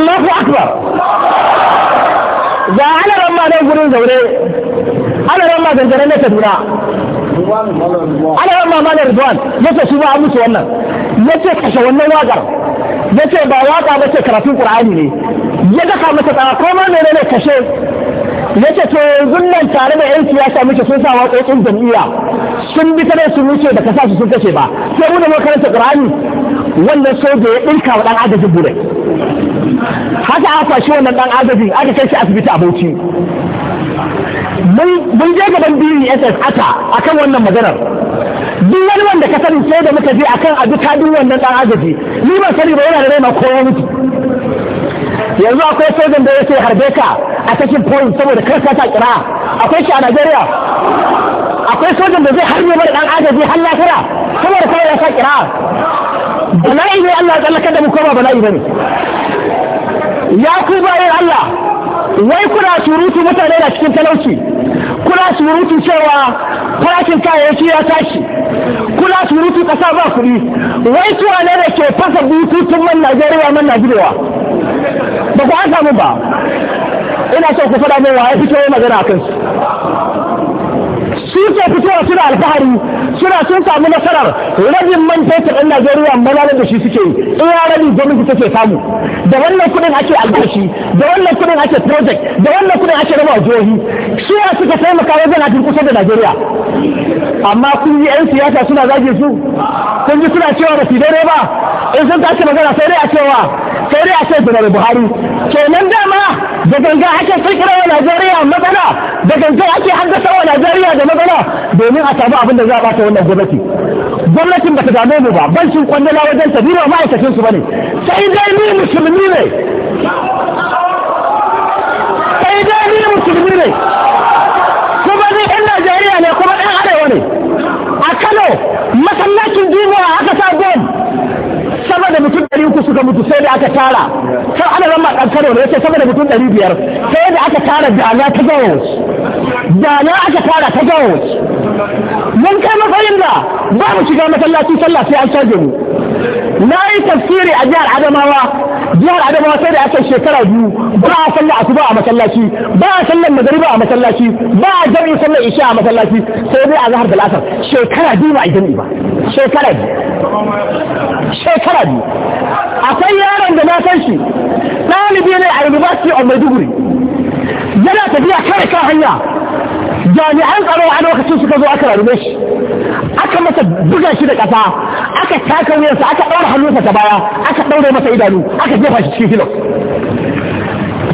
Allahu akbar ga alaran ma nan gurin zaure alaran ma dangane na kaduna alaran ma malar rizwan ya ce su ba a musu wannan ya ce kashe wannan wakar ya ce ba waka ba ce karatun qur'ani ne ya daka masa tsawa ko ma mene ne kashe ya ce to yanzu nan tare da yan siyasa muke sun sa waƙoƙin jam'iyya sun bi tare su wuce da kasa su sun kashe ba sai mu da makaranta ƙur'ani wannan soja ya ɗinka wa ɗan agajin burai haka aka kwashi wannan ɗan agajin aka kai shi asibiti a bauchi mun je gaban BSS ata akan wannan maganar duk wani wanda ka sani sai da muka je akan abu kadin wannan ɗan agaji ni ban sani ba yana da raina ko ya mutu yanzu akwai sojan da yake harbe ka a cikin point saboda kar ka ta kira akwai shi a Najeriya akwai sojan da zai harbe mara dan agaji har lafira saboda kawai ya sa kira bala'i ne Allah ya tsallaka da mu koma bala'i bane ya ku bayan Allah wai kuna surutu mutane da cikin talauci kuna surutu cewa farashin kayayyaki ya tashi kuna surutu kasa ba kuɗi wai tuwa ne da ke fasa bututun man Najeriya man Najeriya ba ku an samu ba ina so ku faɗa min wa ya fito magana a su ce fito fitowa suna alfahari suna sun samu nasarar rabin man fetur ɗan Najeriya malalar da shi suke yi iya rabin gwamnati ke samu da wannan kuɗin ake albashi da wannan kuɗin ake project da wannan kuɗin ake rama jihohi su ya suka taimaka wajen a kusa da Najeriya amma kun yi 'yan siyasa suna zage su kun ji suna cewa ba su dare ba in sun tashi magana sai dai a cewa sai dai a ce Janar Buhari kenan dama da ganga ake kirkira wa Najeriya magana da ganga ake haddasa wa Najeriya da magana. kwandala domin a samu abin da za a bata wannan gwamnati gwamnatin ba ta dame mu ba bankin kwandala wajen ta biro ma'aikacin su bane sai dai ni musulmi ne sai dai ni musulmi ne kuma ni ɗan Najeriya ne kuma ɗan Arewa ne a Kano masallacin Juma'a aka sa bom sama da mutum ɗari uku suka mutu sai da aka tara sai ana zama ɗan kano ne sai sama da mutum ɗari biyar sai da aka tara dana ta gawos dana aka tara ta gawos mun kai matsayin da ba mu shiga masallaci sallah sai an caje mu na yi tafsiri a jihar adamawa jihar adamawa sai da aka shekara biyu ba a sallah asuba a masallaci ba a sallar magariba a masallaci ba a jami'in sallar isha a masallaci sai dai a zahar da lasar shekara biyu ba a jami'i ba shekara biyu akwai yaron da na san shi ɗalibi ne a university of maiduguri yana tafiya kare kan hanya jami'an tsaro a lokacin suka zo aka rarrube shi aka masa buga shi da ƙasa aka taka wuyarsa aka ɗaura hannunsa ta baya aka ɗaura masa idanu aka jefa shi cikin hilos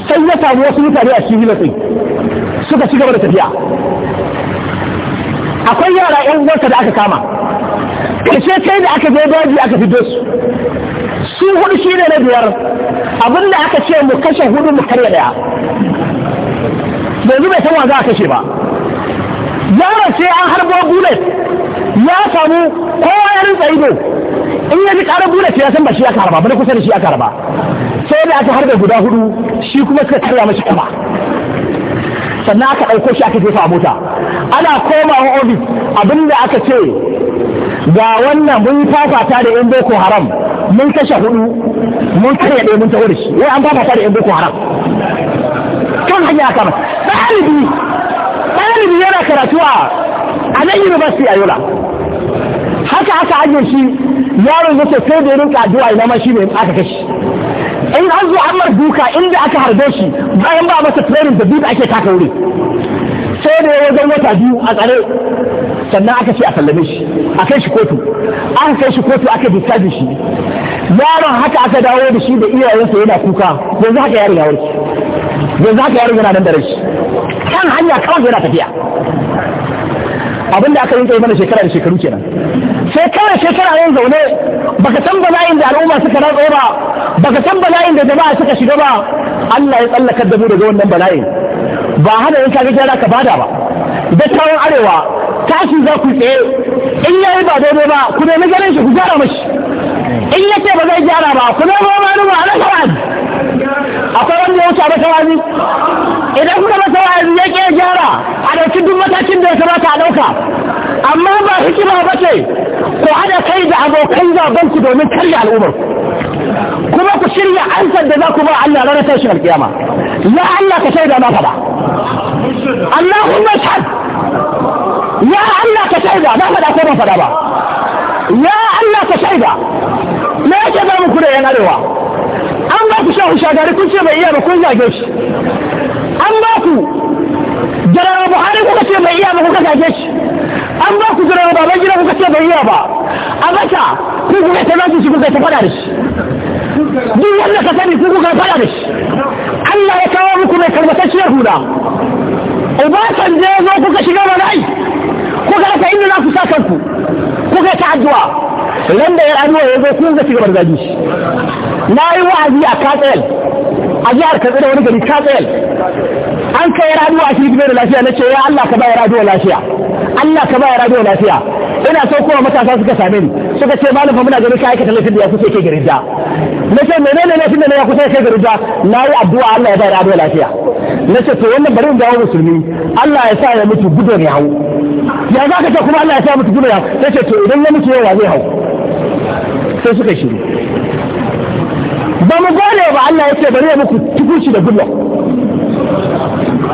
sai ya samu wasu mutane a cikin sai suka ci gaba da tafiya akwai yara 'yan uwansa da aka kama kashe kai da aka je daji aka fito su su hudu shi ne na biyar abinda aka ce mu kashe hudu mu karya daya yanzu bai san wa za a kashe ba yawon ce an harbo bullet ya samu kowa ya rinsa ido in ya ji karar bullet ya san ba shi ya harba ba kusa da shi ya harba sai da aka harbe guda hudu shi kuma suka karya mashi kama sannan aka ɗauko shi aka jefa a mota ana komawa ofis abinda aka ce ga wannan mun yi fafata da yan boko haram mun kashe hudu mun karya ɗaya mun taho da shi wai an fafata da yan boko haram kan hanya kama ɗalibi ɗalibi yana karatu a nan university a yola haka haka hanyar shi yaron yake sai da rinka addu'a ina ma shi ne aka kashe in an zo an duka inda aka harbe shi bayan ba masa training da duk ake taka wuri sai da ya wajen wata biyu a tsare sannan aka ce a sallame shi a kai shi kotu aka kai shi kotu aka discharge shi yaron haka aka dawo da shi da iyayensa yana kuka yanzu haka yaron ya warke yanzu haka yaron yana nan da rashi kan hanya kawai yana tafiya abinda aka yi kai mana shekara da shekaru kenan sai kawai shekara yanzu zaune baka san bala'in da al'umma suka ratsa ba baka san bala'in da jama'a suka shiga ba Allah ya tsallaka da mu daga wannan bala'in ba hana yanka ga gyara ka bada ba dattawan arewa tashi za ku tsaye in ya yi ba daidai ba ku nemi ganin shi ku gyara mashi in ya ce ba zai gyara ba ku nemi ba ni ba na kawai akwai wanda ya wuce masa idan kuka masa wani ya ke gyara a ɗauki duk matakin da ya kamata a ɗauka amma ba hikima ba ce ku haɗa kai da abokan zaben ku domin karya al'ummar kuma ku shirya ansar da za ku ba Allah ranar tashin alkiyama ya Allah ka shaida maka ba Allahumma shahad يا الله كشيدا ما هذا كم فدابا يا الله كشيدا ما جاب مكره يا نروى أما كشوا شجرة كشوا بيا بكون جيش أما كو جرى أبو حارث كشوا بيا بكون جيش أما كو جرى أبو بجرى كشوا بيا با أما كا كوكو كتمانجي كوكو كتبادرش دي الله كتبي كوكو كتبادرش الله يكرمكم يكرم تشرفنا وما كان جاهز وكشيلنا نعيش Ko kuka aka inda za ku sa kanku ko kuka ta addu'a ran da ya addu'a ya zo kun ga gaba da na yi wa'azi a katsayal a jihar katsina wani gari katsayal an kai ranuwa a cikin da lafiya na ce ya Allah ka bayar addu'a lafiya Allah ka bayar addu'a lafiya ina so kowa matasa suka same ni suka ce malam fa muna ganin ka aikata laifin da ya kusa ke garin da na ce menene laifin da ya kusa ke garin da na yi addu'a Allah ya bayar addu'a lafiya na ce to wannan bari in dawo musulmi Allah ya sa ya mutu gudun ya hau ya za ka ce kuma Allah ya sa mutu gudaya ta ce to idan namiji yawa zai hau sai suka shiru ba mu gane ba Allah ya ce bari ya muku tukunci da gudla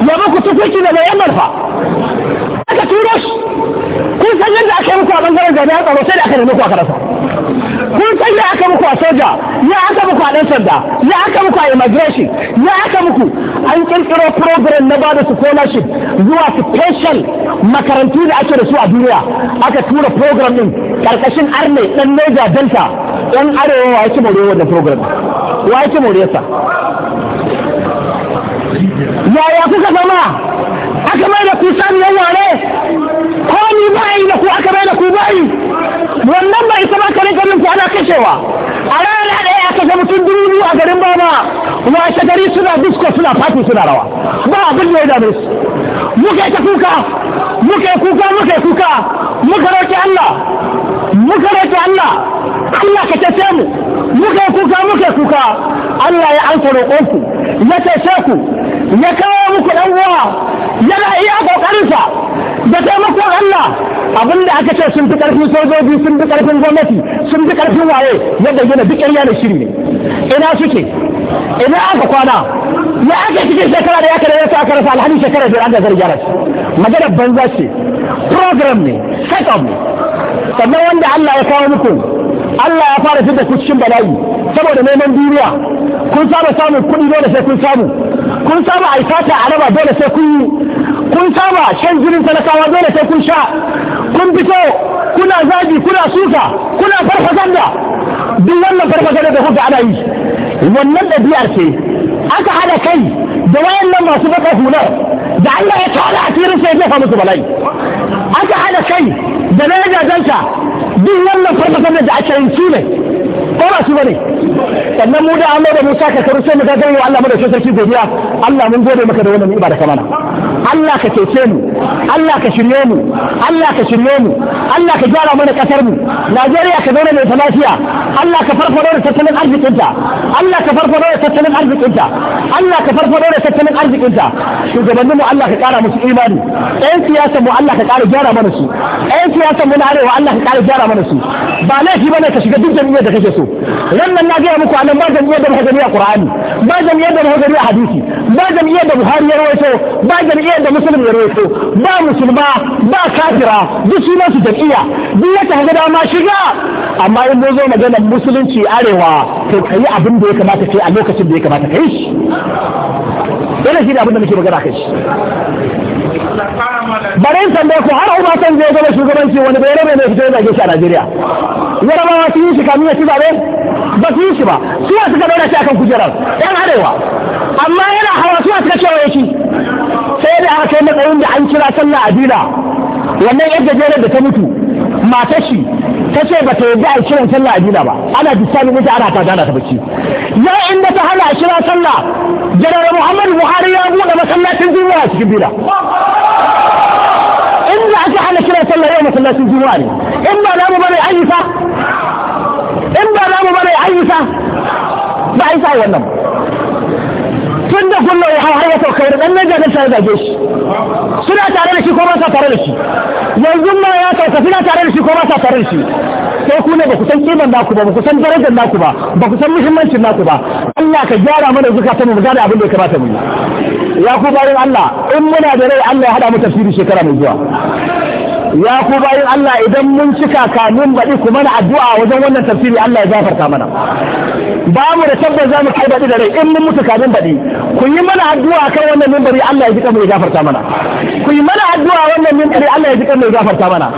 ya muku tukunci da bayan marfa aka turo shi kun san yadda aka yi muku a bangaren jami'an tsaro sai da aka yi muku aka rasa kun san ya aka muku a soja ya aka muku a ɗan sanda ya aka muku a immigration ya aka muku an kirkiro program na bada scholarship zuwa special makarantu da ake da su a duniya aka tura program din karkashin arne ɗan neja delta ɗan arewa wa yake more wannan program wa yake more sa yaya kuka zama aka mai da kusan yan ware ko ni ba da ku aka bai da ku ba yi wannan isa ba kare ganin ku ana kashewa a rana ɗaya aka ga mutum dubu biyu a garin baba washe shagari suna disko suna fati suna rawa ba abin da ya dame su muka yi ta kuka muka yi kuka muka yi kuka muka roƙi Allah muka roƙi Allah Allah ka mu muka yi kuka muka yi kuka Allah ya ansa ku ya cece ku ya kawo muku ɗan uwa yana iya ƙoƙarinsa da taimakon Allah abinda aka ce sun fi ƙarfin sojoji sun fi ƙarfin gwamnati sun fi ƙarfin waye yadda magana duk ƙarya da shiri ina suke ina aka kwana ya aka cikin shekara da ya kare yasa aka rasa alhali shekara da an da zargi rasu magana banza ce program ne setup ne sannan wanda Allah ya kawo muku Allah ya fara fitar ku cikin bala'i saboda neman duniya kun saba samun kuɗi dole sai kun samu kun saba aikata a raba dole sai kun yi kun saba shan jinin talakawa dole sai kun sha kun fito kuna zagi kuna suka kuna farfasanda duk wannan farfasa da kuka ana yi wannan ɗabi'ar ce aka hada kai da wayannan masu baka hular da Allah ya tala a tirin sai jefa musu bala'i aka hada kai da na jajanta duk wannan farfasa da ake yi su ne ko ba su bane sannan mu da Allah da mu ka karu sai mu gagar wa Allah madaukakin sarki godiya Allah mun gode maka da wannan ni'ima da kamana Allah ka cece mu Allah ka shirye mu Allah ka shirye mu Allah ka gyara mana kasar mu Najeriya ka zauna mai ta lafiya Allah ka farfado da tattalin arzikinta Allah ka farfado da tattalin arzikinta Allah ka farfado da tattalin arzikinta shugabannin mu Allah ka kara musu imani ɗayan siyasa mu Allah ka kara gyara mana su ɗayan siyasa mu na arewa Allah ka kara gyara mana su ba laifi bane ka shiga duk jami'ar da kake so wannan na gaya muku anan ba jam'iyyar da muka a Qur'ani ba jam'iyyar da muka a hadisi ba jam'iyyar da Buhari ya rawaito ba jam'iyyar da Muslim ya rawaito ba musulma ba kafira duk ne su jam'iyya duk wata haga dama shiga amma in mun zo magana musulunci arewa to kai abin da ya kamata kai a lokacin da ya kamata kai shi Dole shi ne abin da muke magana kai shi bari san tambaye ku har Umar san zai zama shugabanci wani bai rabe ne fito da gashi a Najeriya yarabawa sun yi shi kamin ci zabe ba su yi shi ba suwa suka daura shi akan kujerar yan arewa amma yana hawa suwa suka kewaye shi sai da aka kai matsayin da an kira sallah adila wannan yadda jerar da ta mutu matar shi ta ce ba ta yarda a kiran sallah adila ba ana bisani mita ana ta gana ta bacci ya inda ta hana kira sallah janar muhammadu buhari ya buɗe masallacin duniya a cikin bila inda aka hana kiran sallah yau masallacin juma'a ne in ba namu bane ayyuka in ba za mu bane an ba a yi sa wannan tun da kullum ya har ya sauka da ɗan naija tare da shi suna tare da shi ko ba sa tare da shi yanzu ma ya sauka suna tare da shi ko ba sa tare da shi sai ku ne ba ku san kiman naku ba ba ku san darajar naku ba ba ku san muhimmancin naku ba Allah ka gyara mana zukata mu gane abin da ya kamata mu yi ya ku bayan Allah in muna da rai Allah ya hada mu tafsiri shekara mai zuwa ya ku bayan Allah idan mun cika kamin baɗi ku mana addu'a wajen wannan tafsiri Allah ya gafarta mana ba mu da tabbas za mu kai baɗi da rai in mun mutu kamin baɗi ku yi mana addu'a kan wannan mimbari Allah ya ji mu ya gafarta mana ku yi mana addu'a wannan mimbari Allah ya ji mu ya gafarta mana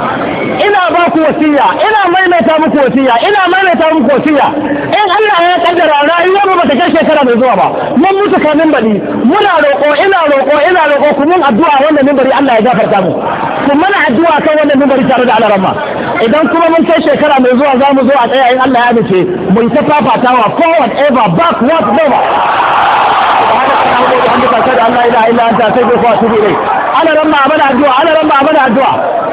ina ba ku wasiya ina maimaita muku wasiya ina maimaita muku wasiya in Allah ya kaddara rayuwar mu bata kai shekara mai zuwa ba mun mutu kamin baɗi muna roƙo ina roƙo ina roƙo ku mun addu'a wannan mimbari Allah ya gafarta mu ku mana addu'a kan wannan numbari tare da alarama idan kuma mun kai shekara mai zuwa za mu zo a tsaya Allah ya dace mu yi ta fafatawa forward ever back backward never Allah ya ila ila ta sai ko fa tubi ne alaramma abada addu'a alaramma abada addu'a